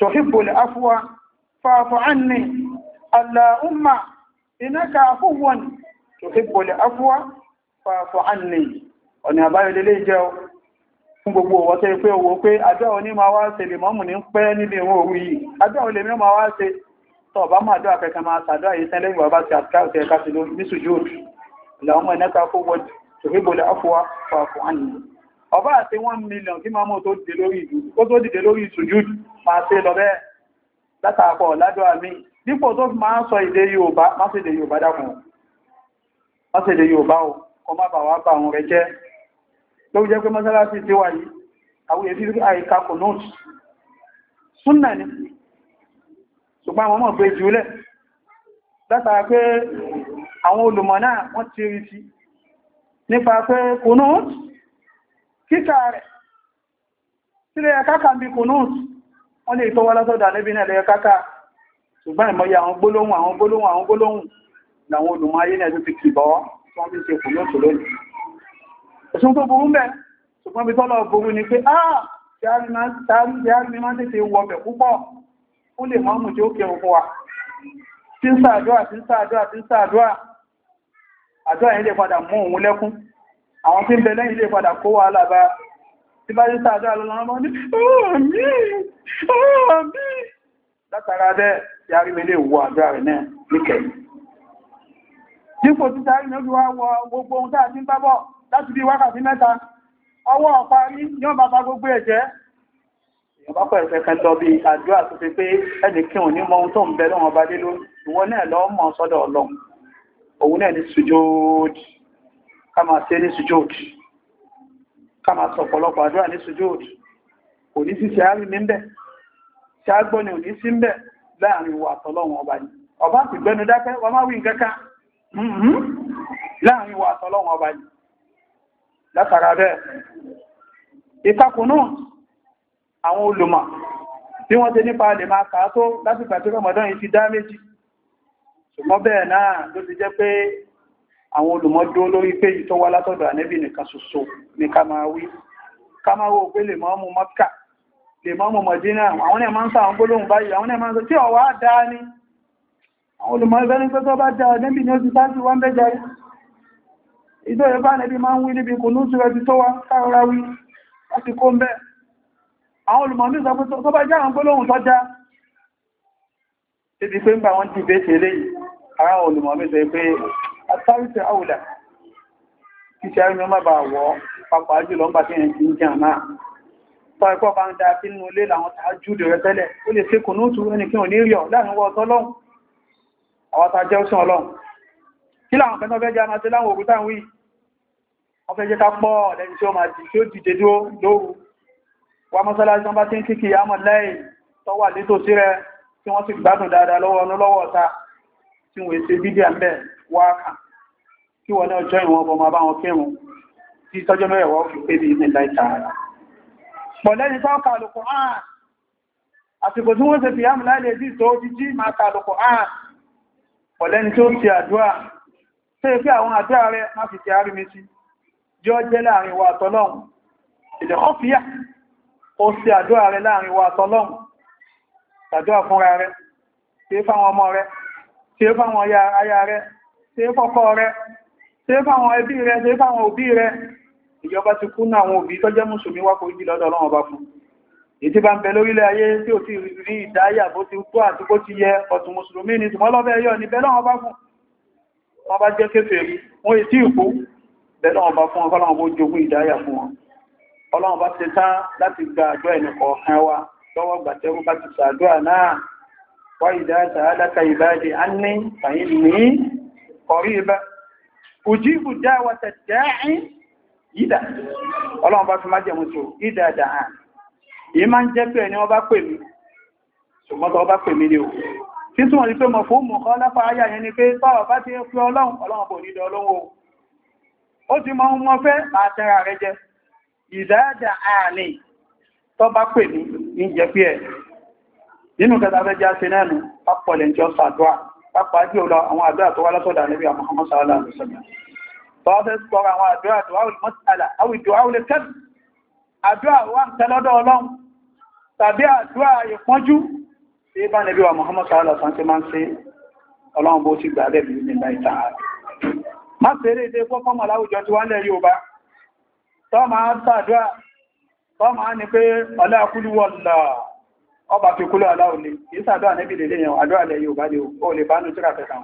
تحب العفو فاعف عني اللهم إنك عفو تحب العفو فاعف عني ọ̀nà àbáyọ̀ lélé jẹ́ fún gbogbo ọwọ́ tẹ́ pé owó pé àdúrà oní ma wá ṣe lè mọ́mù ní pẹ́ nílé ìwọ̀n òru yìí àdúrà olè mẹ́rin ma wá ṣe tọ́ bá máa dọ́ àkẹ́kẹ́ máa sàdọ́ àyè tẹ́lẹ̀ ìwà bá ti àtìkáwò tẹ́ ló ní sùjú òjò làwọn ẹ̀nẹ́ta kó wọ́n tòfí máa ṣe lọ bẹ́ẹ̀ látàkọ̀ ládọ́ àmì dípò tó fi máa ń sọ èdè Yorùbá má ṣe èdè Yorùbá dákùn má ṣe èdè Yorùbá o kọ má bà wá bà wọn rẹ jẹ́ ló jẹ́ pé mọ́sálásí ti wà yìí àwọn èdè àìka kò nóòtù súnà ni ṣùgbọ́n àwọn ọmọ gbé jùlẹ̀ látàrí pé àwọn olùmọ̀ náà wọ́n ti rí sí nípa pé kò nóòtù kíkà rẹ̀ sílẹ̀ ẹ̀kákà bí kò nóòtù wọ́n lè tọ́wọ́ látọ́dà níbi náà lẹ́yẹ káká ṣùgbọ́n ìmọ̀yà àwọn gbólóhùn àwọn gbólóhùn àwọn gbólóhùn làwọn olùmọ̀ ayé náà tó ti kìbọ̀ wọ́n fi ṣe kù lóṣù lónìí ẹ̀sùn tó burú mẹ́ ṣùgbọ́n bí tọ́lọ̀ burú ni pé ah! tí bá rí sáàdá lọ́lọ́mọ ní ọ̀mí oh, ọ̀mí oh, látara bẹ́ yàrí mi lè wọ àdúrà rẹ̀ náà níkẹ̀ẹ́ dípò ti sáàrí ní olúwa wọ gbogbo ohun táà ti ń bábọ̀ láti bí wákàtí mẹ́ta ọwọ́ ọ̀parí yọ́ bàbá gbogbo ẹ̀jẹ́ ìyọ̀bá pẹ̀lú kẹ́kẹ́ lọ bí àdúrà tó fi pé ẹnì kí òun ní mọ ohun tó ń bẹ lọ́wọ́ bá dé lórí ìwọ náà lọ mọ̀ sọ́dọ̀ ọlọ́run òun náà ní sùjóòdì ká máa ṣe ní sùjóòdì kama sọ ọ̀pọ̀lọpọ̀ àdúrà ní sùjúdù kò ní sí ṣáàrì ní bẹ̀ ṣáàgbọ́ ni ò ní sí bẹ̀ láàrin wa àtọ́lọ́wọ̀n ọba ni ọba ti gbẹnu dákẹ́ wọ́n má wí nǹkankan mm-hmm. láàrin wa àtọ́lọ́wọ̀n ọba ni látara bẹ́ẹ̀ ìtakùnú àwọn olùmọ̀ bí wọ́n ti nípa lè máa kàá tó lásìgbà tí rọmọdán yìí ti dá méjì ṣùgbọ́n bẹ́ẹ̀ náà ló ti jẹ́ pé àwọn olùmọ́dó lórí péjì tó wá látọ̀dọ̀ ànẹ́bì nìkan ṣoṣo ní ká máa wí ká máa wó pé lè mọ́mú mọ́kà lè mọ́mú mọ̀dínà àwọn ẹ̀ ń sọ gbólóhùn báyìí àwọn ẹ̀ ń sọ tí ọ̀wá dáa ni àwọn olùmọ́dó ní pé ni ó ti sáájú wọ́n bẹ́ jẹ́ ìjọ ẹ̀bá ànẹ́bì máa ń wí níbi kò nútù rẹ̀ ti tó wá kárọra wí láti kó ń bẹ́ àwọn olùmọ̀mí sọ pé tó bá jẹ́ àwọn gbólóhùn tó já ibi sọ àtàríṣẹ́ àwùlà iṣẹ́ ẹ̀rùn ọmọ bá wọ́ pàpàá jùlọ ń pàtí ẹ̀yìn kìí jẹ́ àmà tọ́ ẹ̀kọ́ bá ń da sí inú ilé làwọn tàájú rẹ̀ ó lè ṣe kùnútù ẹni tí wọ́n sì gbádùn dáadáa lọ́wọ́ ọ̀nà lọ́wọ́ ọ̀ta tí wọ́n èsè bídíà ń bẹ̀ kí wọ́n náà jọ ìwọ̀n ọmọ bá wọn kírun tí tọ́jọ́ mẹ́wàá fi pé bí ilẹ̀ láìta ara pọ̀ lẹ́ni tó kà lùkù án àsìkò tí wọ́n ṣe fi yàmù láìlẹ̀ sí tó ti jí máa kà lùkù án pọ̀ lẹ́ni tó ti àdúrà tó yẹ pé àwọn àdúrà rẹ̀ má fi ti àrí mi sí jọ jẹ́ láàrin wa àtọ́lọ́hun ìdẹ̀ ọ́fíà ó ṣe àdúrà rẹ̀ láàrin wa àtọ́lọ́hun tàdúrà fúnra rẹ̀ ṣe fáwọn ọmọ rẹ̀ ṣe fáwọn aya rẹ̀ ṣe fáwọn ẹbí rẹ ṣe fáwọn òbí rẹ ìjọba ti kú náà àwọn òbí tó jẹ́ mùsùlùmí wá foríjì lọ́dọ̀ Ọlọ́run ọba fún ètí bá ń bẹ lórílẹ̀ ayé tí ò ti rí ìdáyà bó ti tó àti bó ti yẹ ọ̀tún mùsùlùmí ni ṣùgbọ́n lọ́bẹ̀ yọ ní bẹ́lọ́wọ́n bá fún wọn bá jẹ́ kéfèrí wọn ètí ìkú bẹ́lọ́wọ́n bá fún wọn fọ́lọ́wọ́n bó jogún ìdáyà fún wọn Ọlọ́run bá ṣe tán láti gba àjọ ẹnìkọ̀ọ̀kan wa lọ́wọ́ gbàtẹ́rù òjìbù dáwàtà dáìn ìdà ọlọ́run bá fi má jẹun tó ìdà dáà èyí máa ń jẹ́ pé ẹni wọ́n bá pè mí ṣùgbọ́n tó bá pè mí ní o tí tún wọ́n ni pé mọ̀ fún mọ̀ kọ́ lápá ayá yẹn ni pé báwà bá ti fi ọlọ́run ọlọ́run kò nílò ọlọ́run ó ti pápá jù lọ àwọn àdúrà tó wá lọ́sọ̀dà níbi Muhammad sallallahu alaihi wasallam tọ́fẹ́ sọ́rọ̀ àwọn àdúrà tó wáwùl mọ́sílá àwùjọ àwùlẹ̀ kẹ́bù àdúrà wà ń tẹ́lọ́dọ̀ ọlọ́run tàbí àdúrà ìpọ́njú tí Muhammad sallallahu alaihi wasallam ti máa ń ṣe ọlọ́run bó ti gbà lẹ́bí nígbà ìtàhà má fèrè ilé fọ́fọ́mọ̀ láwùjọ tí wọ́n lẹ̀ ọba fi kúlọ̀ aláwọ̀ ni ìsàdọ́ ànẹ́bì lèlé yẹn àdọ́ alẹ́ yóò bá lè ó lè bá ní tíra kẹta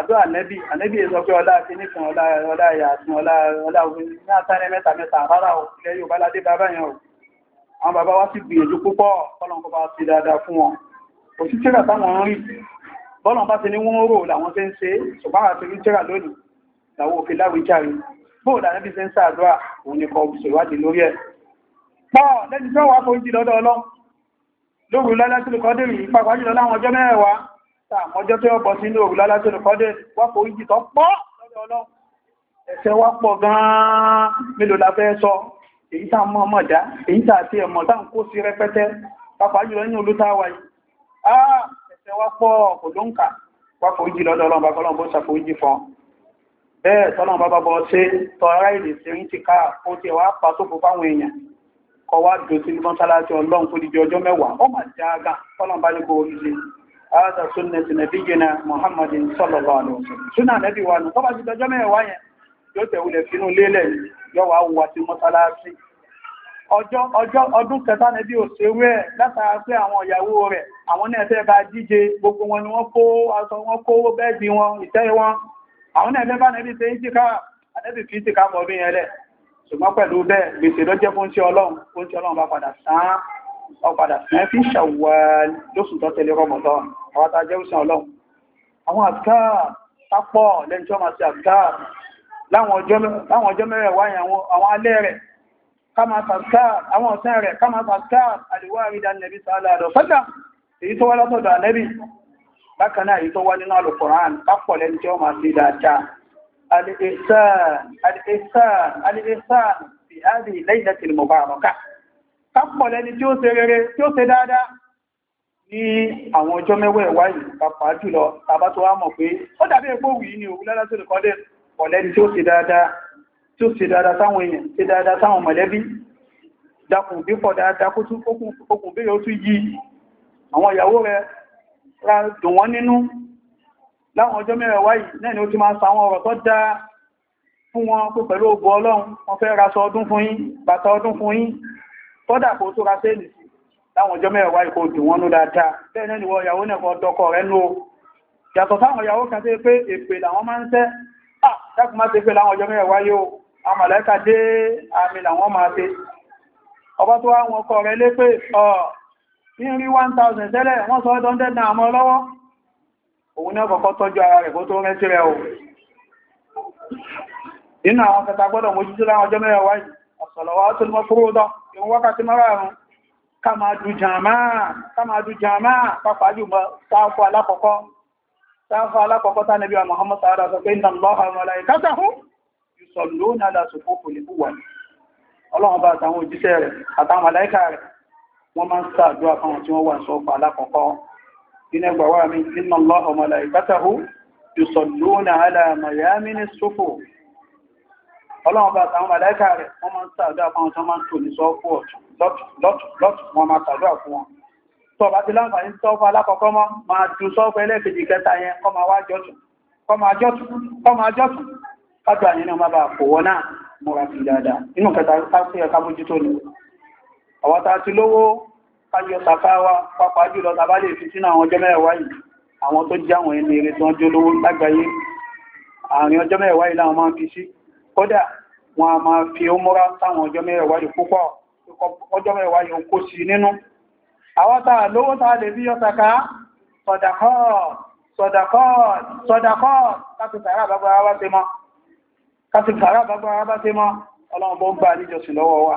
àdọ́ ànẹ́bì ànẹ́bì sọ pé ọlá fi nífin ọlá ẹ̀yà àti ọlá òun ní àtàrẹ mẹ́ta mẹ́ta rárá ò ilẹ̀ yóò bá ládé bàbá yẹn ò àwọn bàbá wá sí gbìyànjú púpọ̀ bọ́lọ̀nkọ́ bá ti dáadáa fún wọn kò sí tíra táwọn ń rí bọ́lọ̀n bá ti ní wọ́n rò làwọn tí ń ṣe ṣùgbọ́n àti rí tíra lónìí làwọn òfin láwíjàre bóòdà nẹ́bí ṣe ń sáàdúrà òun ni kọ ṣèwádìí lórí ẹ̀ pọ̀ lẹ́ni tó wà fún ìdílọ́dọ̀ ọlọ́ lóòrù lálátìlùkọ́dẹ̀ yìí pàpàá jùlọ láwọn ọjọ́ mẹ́rẹ̀wàá tààmọ́jọ́ tó ọbọ̀ sínú òòrù lálátìlùkọ́dẹ̀ wà fún ìdítọ́ pọ̀ lọ́dọ̀ ọlọ́ ẹ̀ṣẹ̀ wa pọ̀ gan-an mélòó la fẹ́ sọ èyí tàà mọ́ ọmọ dá èyí tàà tí ẹ̀mọ̀ tàà ń kó sí rẹpẹtẹ pàpàá jùlọ nínú olútàwà yìí ah ẹ̀ṣẹ̀ wa pọ̀ kò ló ń kà wà fún ìjì lọ́dọ̀ ọlọ́run bàbá ọlọ́run bó ṣàfún ìjì fún bẹ́ẹ̀ tọ́lọ́run bàbá bọ́ ṣe tọ́ ara ìlè ṣe ń ti ká ó ti wá pa tó fún fáwọn èèyàn kọwa dòsí ní ọlọ́run tó dìjọ ọjọ́ mẹ́wàá ó aga fọ́lọ́n bá ní ṣe aláta sunna ti nàbí jẹna muhammadin sallallahu wa yẹn yóò o wulẹ̀ finú lélẹ̀ yóò wá wà sí mọ́sálásí ọjọ́ ọjọ́ ọdún kẹta nàbí òṣèrú ẹ̀ látara pé àwọn ìyàwó rẹ̀ àwọn náà fẹ́ bá gbogbo wọn ni wọ́n kó aṣọ wọn kó wọn ìtẹ́ wọn àwọn náà fẹ́ bá ń ṣùgbọ́n pẹ̀lú bẹ́ẹ̀ gbèsè ló jẹ́ fún tí ọlọ́run fún tí ọlọ́run bá padà sán ọ padà sán fi Ṣawwal lóṣù tó tẹ̀lé Ramadan àwọn tá jẹ́ òṣìṣẹ́ ọlọ́run àwọn àtúkà tápọ̀ lẹ́ni tí wọ́n máa ṣe àtúkà láwọn ọjọ́ mẹ́rẹ̀ wáyé àwọn alẹ́ rẹ̀ kama tàkà àwọn ọ̀sán rẹ̀ kama tàkà àdìwá àrídà nẹ̀bí sàálà àdọ̀ sọ́jà èyí tó wá látọ̀dọ̀ الإحسان الإحسان الإحسان في هذه الليلة المباركة kápọ̀ lẹni tí ó ṣe rere tí ó ṣe dáadáa ní àwọn ọjọ́ mẹ́wẹ́ ìwáyìí pàpàá jùlọ tàbá tó wá mọ̀ pé ó dàbí epo wù ní òun lọ́lá tó lè kọ́dẹ̀ pọ̀ lẹni tí ó ṣe dáadáa tí ó ṣe dáadáa sáwọn èèyàn ṣe dáadáa sáwọn mọ̀lẹ́bí dákùn bí pọ̀ dáadáa kó tún okùn bí ó tún yí àwọn ìyàwó rẹ̀ ra dùn wọ́n nínú láwọn ọjọ́ mẹ́rẹ̀ wáyìí náà ni ó ti máa ń sàwọn ọ̀rọ̀ tó dáa fún wọn pé pẹ̀lú ògbò ọlọ́run wọn fẹ́ raṣọ ọdún fún yín bàtà ọdún fún yín kọ́dà kó tó ra sẹ́ẹ̀lì sí láwọn ọjọ́ mẹ́rẹ̀ wáyìí kò dùn wọn ló dáadáa bẹ́ẹ̀ náà ni wọ ìyàwó nẹ̀kọ́ dọkọ rẹ̀ nú o yàtọ̀ sáwọn ìyàwó kan sí pé èpè làwọn máa ń sẹ́ dákùn máa ṣe pé láwọn ọjọ́ mẹ́rẹ̀ wáyé o àmàlẹ́kà dé àmì làwọn máa ṣe ọba tó wá wọn kọ rẹ̀ lé pé ní rí 1000 òun náà kọ́kọ́ tọ́jú ara rẹ̀ kó tó rẹ́ sí rẹ̀ o inú àwọn kẹta gbọ́dọ̀ mójútó láwọn ọjọ́ mẹ́rẹ̀ wáyìí ọ̀sọ̀lọ̀wọ́ tó mọ́ fúrúdọ́ ìwọ̀n wákàtí márùn-ún ká máa du jàmáà pápá Muhammad sáàdà sọ pé ìnà lọ́hàn wọlá ìkátàhún ìsọ̀lónà àdásòfò kò lè búwà ọlọ́run bá àtàwọn òjíṣẹ́ rẹ̀ àtàwọn àláìkà máa ń sàdúrà fáwọn nínú ẹgbà wà mí nínú Allahu malaikatahu yusalluna ala mayamini sufur ọlọ́run bá àtàwọn màláìkà rẹ̀ wọ́n máa ń ṣàdúrà fún àwọn tó máa ń tò ní sọ́ọ̀fù ọ̀tún lọ́tù wọn máa ṣàdúrà fún wọn tó bá ti dáadáa inú kẹta ká sí ẹ̀ka mójútó ni àwọn ti lówó kájọ sàká wa pápá jùlọ tàbá lè fi sínú àwọn ọjọ́ mẹ́wàá yìí àwọn tó jẹ́ àwọn ẹni eré tí wọ́n jó lówó lágbàáyé àárín ọjọ́ mẹ́wàá yìí láwọn máa ń fi sí kódà wọn a máa fi ó múra sáwọn ọjọ́ mẹ́wàá yìí púpọ̀ ọjọ́ mẹ́wàá yìí kó sí nínú àwọn tàà lówó tàà lè bí yọ́sàká sọ̀dàkọ́ sọ̀dàkọ́ sọ̀dàkọ́ láti sàárà bàbá wa bá ṣe mọ́ ọlọ́run bó ń gbà níjọsìn lọ́wọ́ wa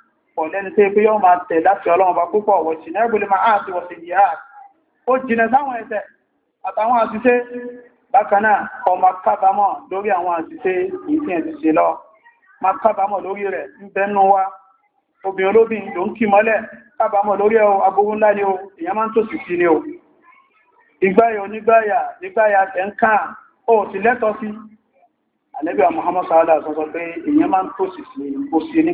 ọ̀lẹ́ni tó pé yọ́ máa tẹ̀ láti ọlọ́run bá púpọ̀ wọ̀sí nẹ́gbìlì máa àti wọ̀sí yìí àà ó jìnà sáwọn ẹ̀ṣẹ̀ àtàwọn àṣìṣe bákanáà ọmọ kábàámọ̀ lórí àwọn àṣìṣe ìfihàn ti ṣe lọ ma kábàámọ̀ lórí rẹ̀ ń bẹnu wa obìnrin olóbìn ló ń kí mọ́lẹ̀ kábàámọ̀ lórí ẹ̀ ni o èèyàn máa ń tòṣì o ìgbáyà onígbáyà nígbáyà sì sí àlẹ́bíà Muhammad sallallahu alaihi wasallam pé èèyàn máa ni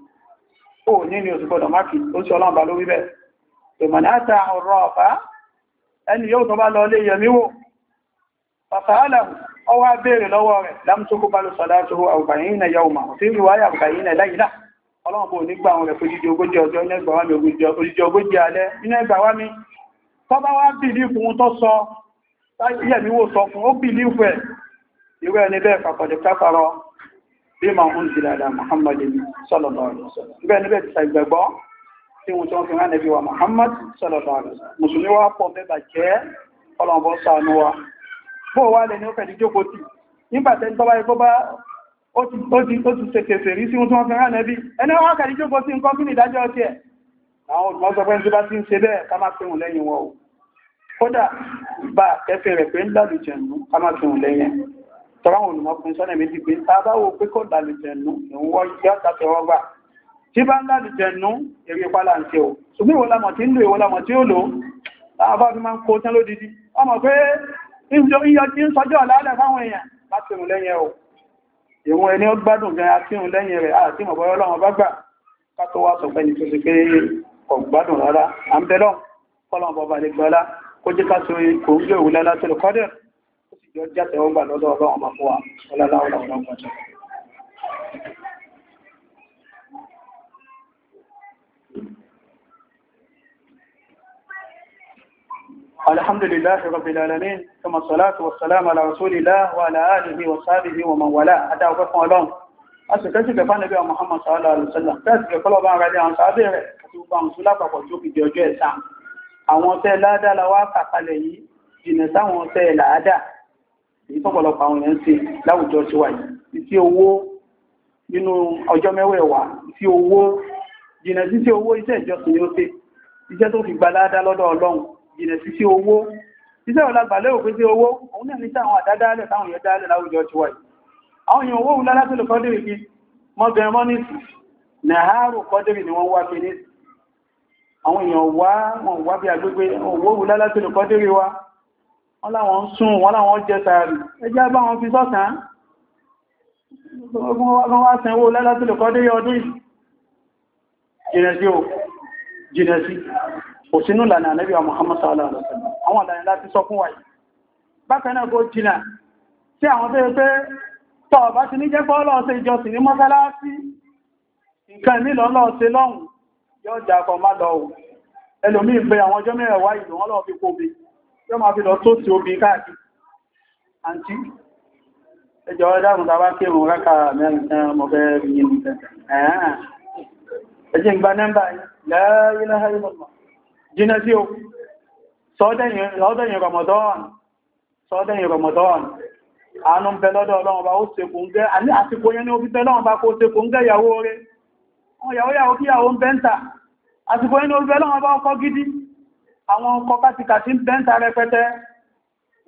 ó ní ní oṣù gbọdọ̀ mákì ó sì ọlọ́mbà ló wíbẹ̀ ìmọ̀nàta ọ̀rọ̀ ọ̀fá ẹni yóò tó bá lọ lé yẹmíwò pàtàlà ọwá béèrè lọ́wọ́ rẹ̀ lámtókó bá lọ sọ̀dá tó àwùbàyìn na yau ma fi ríwáyà àwùbàyìn na láìlá ọlọ́mbà ò nígbà wọn rẹ̀ fojúdí ogójì ọjọ́ ojíjì ogójì alẹ́ nínú ẹgbàwá mi tọ́ bá wá bìlí fún tó ìwé ẹni bẹ́ẹ̀ fàkọ̀dẹ̀ káfàrọ̀ bí ma ń jìlá àdá Muhammad sallallahu alaihi wasallam níbẹ̀ níbẹ̀ ti sa ìgbàgbọ́ tí fi rán nẹ́bí wa Muhammad sallallahu alaihi wasallam mùsùlùmí wá pọ̀ mẹ́bà jẹ́ ọlọ́ọ̀bọ̀ sànú wa bó wá lẹ́ni ó fẹ̀dí jókòó tì nígbàtẹ́ tọ́bá ikọ́ bá ó ti ṣe kèfè rí sí wọ́n tí wọ́n fi rán nẹ́bí ẹni ni ìdájọ́ ọtí ẹ̀ àwọn olùmọ́sọpẹ́ tí bá ti ń ṣe tọ́láwọn olùmọ́kùnrin sọ́nà méjì pé tàbáwò pé kò dàlùjẹ̀nú ìwọ́n yọ́tàtẹ̀ ọgbà tí bá ń dàlùjẹ̀nú èrè pálá ń ṣe o ṣùgbọ́n ìwọ́lámọ̀ tí ń lò ìwọ́lámọ̀ tí ó lò láàbá fi máa ń kó tán lódidi ọmọ pé ìyọ tí ń sọjọ́ àlàálẹ̀ fáwọn èèyàn láti rùn lẹ́yìn o ìwọ̀n ẹni ó gbádùn gan àti rùn lẹ́yìn rẹ̀ àti mọ̀ bọ́yọ́ lọ́wọ́ bá gbà ká tó wá sọ̀pẹ́ yọ jáde ọgbà lọ́dọ̀ ọlọ́run máa fún الحمد لله رب العالمين ثم الصلاة والسلام على رسول الله وعلى آله وصحبه ومن والاه أتى وقفوا لهم أسكتك فنبي محمد صلى الله عليه وسلم تسكت كل بان رضي عن صحابه كتب عن سلاك وقتوك دي ọjọ́ ẹ̀san àwọn tẹ́ ládá lọ́wọ́ kàkalẹ̀ yìí jìnà sáwọn èyí tọ́pọ̀lọpọ̀ àwọn èèyàn ṣe láwùjọ ti wà yìí sí owó nínú ọjọ́ mẹ́wẹ̀ẹ̀wá sí owó jìnà sí sí owó iṣẹ́ ìjọsìn ni ó ṣe iṣẹ́ tó fi gbalada lọ́dọ̀ ọlọ́run jìnà sí sí owó iṣẹ́ ọ̀làgbà lẹ́wò pé sí owó òun náà níṣẹ́ àwọn àdádálẹ̀ táwọn èèyàn dálẹ̀ láwùjọ ti wà yìí àwọn èèyàn owó wùlá látọ̀lẹ̀ kọ́dẹ̀rì fi mọ́bẹ̀rẹ̀ mọ́nìsì nàárù kọ́dẹ̀rì ni wọ́n wá fi ní àwọn èèyàn wá wọn wá bí agbègbè owó wùlá látọ̀lẹ̀ kọ́dẹ̀rì wa wọ́n láwọn ń sùn wọ́n láwọn jẹ sàárì ẹjẹ́ bá wọn fi sọ́sàn wọ́n wá sanwó lẹ́látìlẹ̀ kọ́ dé ọdún jìnẹ̀sí o jìnẹ̀sí kò sínú lànà ànábì Muhammad sallallahu alaihi wasallam àwọn lànà láti sọ fún wa yìí bákan náà kó jìnà sí àwọn tó yẹ pé tọ́ bá ti ní jẹ́ pọ́ lọ́ọ̀ṣe ìjọsìn ní mọ́sálásí nǹkan ní lọ́lọ́ọ̀ṣe lọ́hùn yóò jà kọ má lọ́wọ́ ẹlòmí ń pe àwọn ọjọ́ mẹ́rẹ̀ wá ìlú wọn lọ́ọ̀ fi kó mi yọ́ máa fi lọ tó ti obi káàkiri àǹtí ẹjọ́ ẹ̀dàmù tàbá kí ìrùn rákà mẹ́rin mọ̀bẹ̀ yìí nìkan ẹjẹ́ ìgbà nẹ́mbà láàrín Àwọn ìyàwó yàwó kíyàwó ń bẹ́ntà, àsìkò inú olùfẹ́ lọ́wọ́ bá ọkọ̀ gidi, àwọn ọkọ̀ kásìkàsí ń bẹ́ǹta rẹpẹtẹ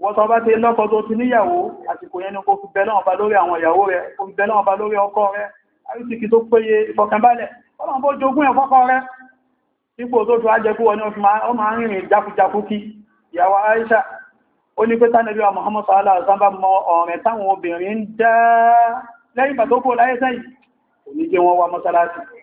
wọ́tọ̀ bá ti lọ́kọ tó ti níyàwó àsìkò yẹn ni kò fi bẹ́lọ́wọ́n bá lórí àwọn ìyàwó rẹ̀ kò fi bẹ́lọ́wọ́n bá lórí ọkọ rẹ̀ àríṣìkì tó péye ìfọ̀kànbalẹ̀ ọlọ́run bó jogún ẹ̀ fọ́kọ rẹ̀ ipò tó tó ajẹ́ kú ọ̀nà ọmọ arìnrìn jákujákú kí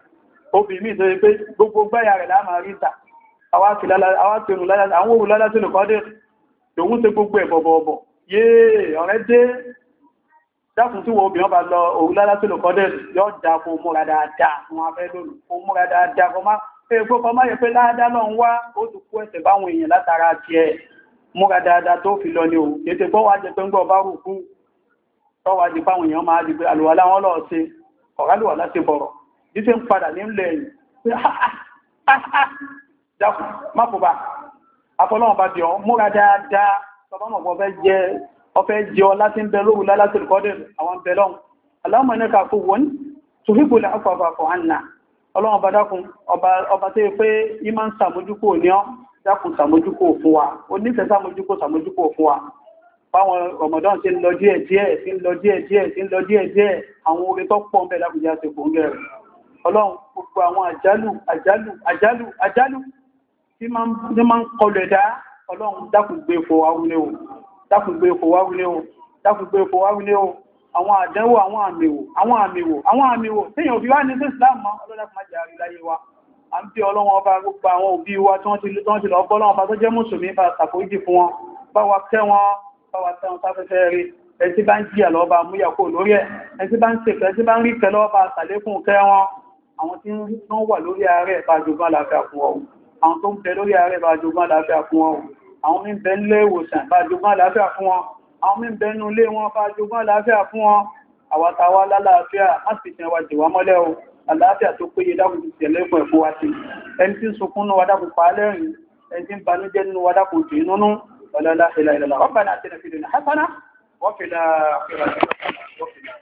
obì mi, tó yẹ pé gbogbo gbáyà rẹ̀ láàmà rí ìta àwátìrù àwọn òun lálá sínú kọ́dé lòun ṣe gbogbo ẹ̀ bọ̀bọ̀ọ̀bọ̀ yéè ọ̀rẹ́ dé dákùn tí wọ́n obìnrin bá lọ òun lálá sínú kọ́dé yọ́ da kó múra dáadáa wọn afẹ́ lónìí kó múra dáadáa kọ má egbó kọ má yẹ pé láàdá náà ń wá ó ti kú ẹsẹ̀ báwọn èèyàn látara ti ẹ múra dáadáa tó fi lọ ni ò ètè gbọ́ jẹ pé ń gbọ́ bá rù tọ́wàá di báwọn èèyàn máa di pé àlùwàlá wọn lọ́ọ̀ ṣe ọ̀rálùwàlá ti bọ̀rọ̀ bí ṣe ń padà ní ilẹ̀ yìí dákùn má fò bá afọlọ́wọ́n bá bíọ́ múra dáadáa sọmọ́mọ̀ ọ̀fẹ́ jẹ ọfẹ́ jẹ ọ láti ń bẹ lóru láti rìkọ́dẹ̀ àwọn bẹ lọ́hùn aláwọ̀mọ̀ ní kàkó wọ́n tó fífò lè afọ̀fọ̀ àná ọlọ́wọ́n bá dákùn ọba tó pé ìmọ̀ ń sàmójúkò ní ọ dákùn sàmójúkò fún wa onífẹ̀ẹ́ sàmójúkò sàmójúkò fún báwọn ọmọdán ti ń lọ díẹ̀ díẹ̀ sí ń lọ díẹ̀ díẹ̀ sí ń lọ díẹ̀ díẹ̀ àwọn orin tó pọ̀ ń bẹ lákùnjá ti kò ń gẹ̀rẹ̀ ọlọ́run gbogbo àwọn àjálù àjálù àjálù àjálù tí ma ń kọlẹ̀ dá ọlọ́run dákùngbé fòwáwúlé o dákùngbé fòwáwúlé o dákùngbé fòwáwúlé o àwọn àdánwò àwọn àmìwò àwọn àmìwò àwọn àmìwò téèyàn òbí wá ní sí Islam mọ́ ọlọ́dàkùnmájà àrí láyé wa a ń bí ọlọ́run ọba gbogbo àwọn òbí wa tí wọ́n ti lọ ọgbọ́ ọlọ́run ọba tó jẹ́ mùsùlùmí bá ṣàforíjì fún wọn bá wa kẹ́ wọn bá wa tẹ́ wọn sáfẹ́fẹ́ rí ẹni tí bá ń jìyà lọ́ba múyà kó lórí ẹ̀ ẹni tí bá ń ṣèkẹ́ ẹni tí bá ń rí kẹ́ lọ́ba àtàlékùn kẹ́ wọn àwọn tí wọ́n wà lórí ààrẹ bá jogún àlàáfíà fún ọ àwọn tó ń bẹ lórí ààrẹ bá jogún àlàáfíà fún ọ àwọn mí bẹ nílé ìwòsàn bá jogún àlàáfíà fún ọ àwọn mí bẹ nú ilé wọn bá jogún àlàáfíà fún ọ àwàtàwà lálàáfíà má sì tẹ̀wà jìwà mọ́lẹ̀ o àlàáfíà tó péye dákùn ti tẹ̀lẹ́kùn ẹ̀fún wa sí ẹni tí ń sunkún nú wa dákùn pa lẹ́rìn ẹni tí ń banújẹ́ nínú wa dákùn jù nínú ọ̀lọ́lá ìlàlá ọ̀bànà àti ẹ̀fìdìnà hápánà wọ́n fi láàáfíà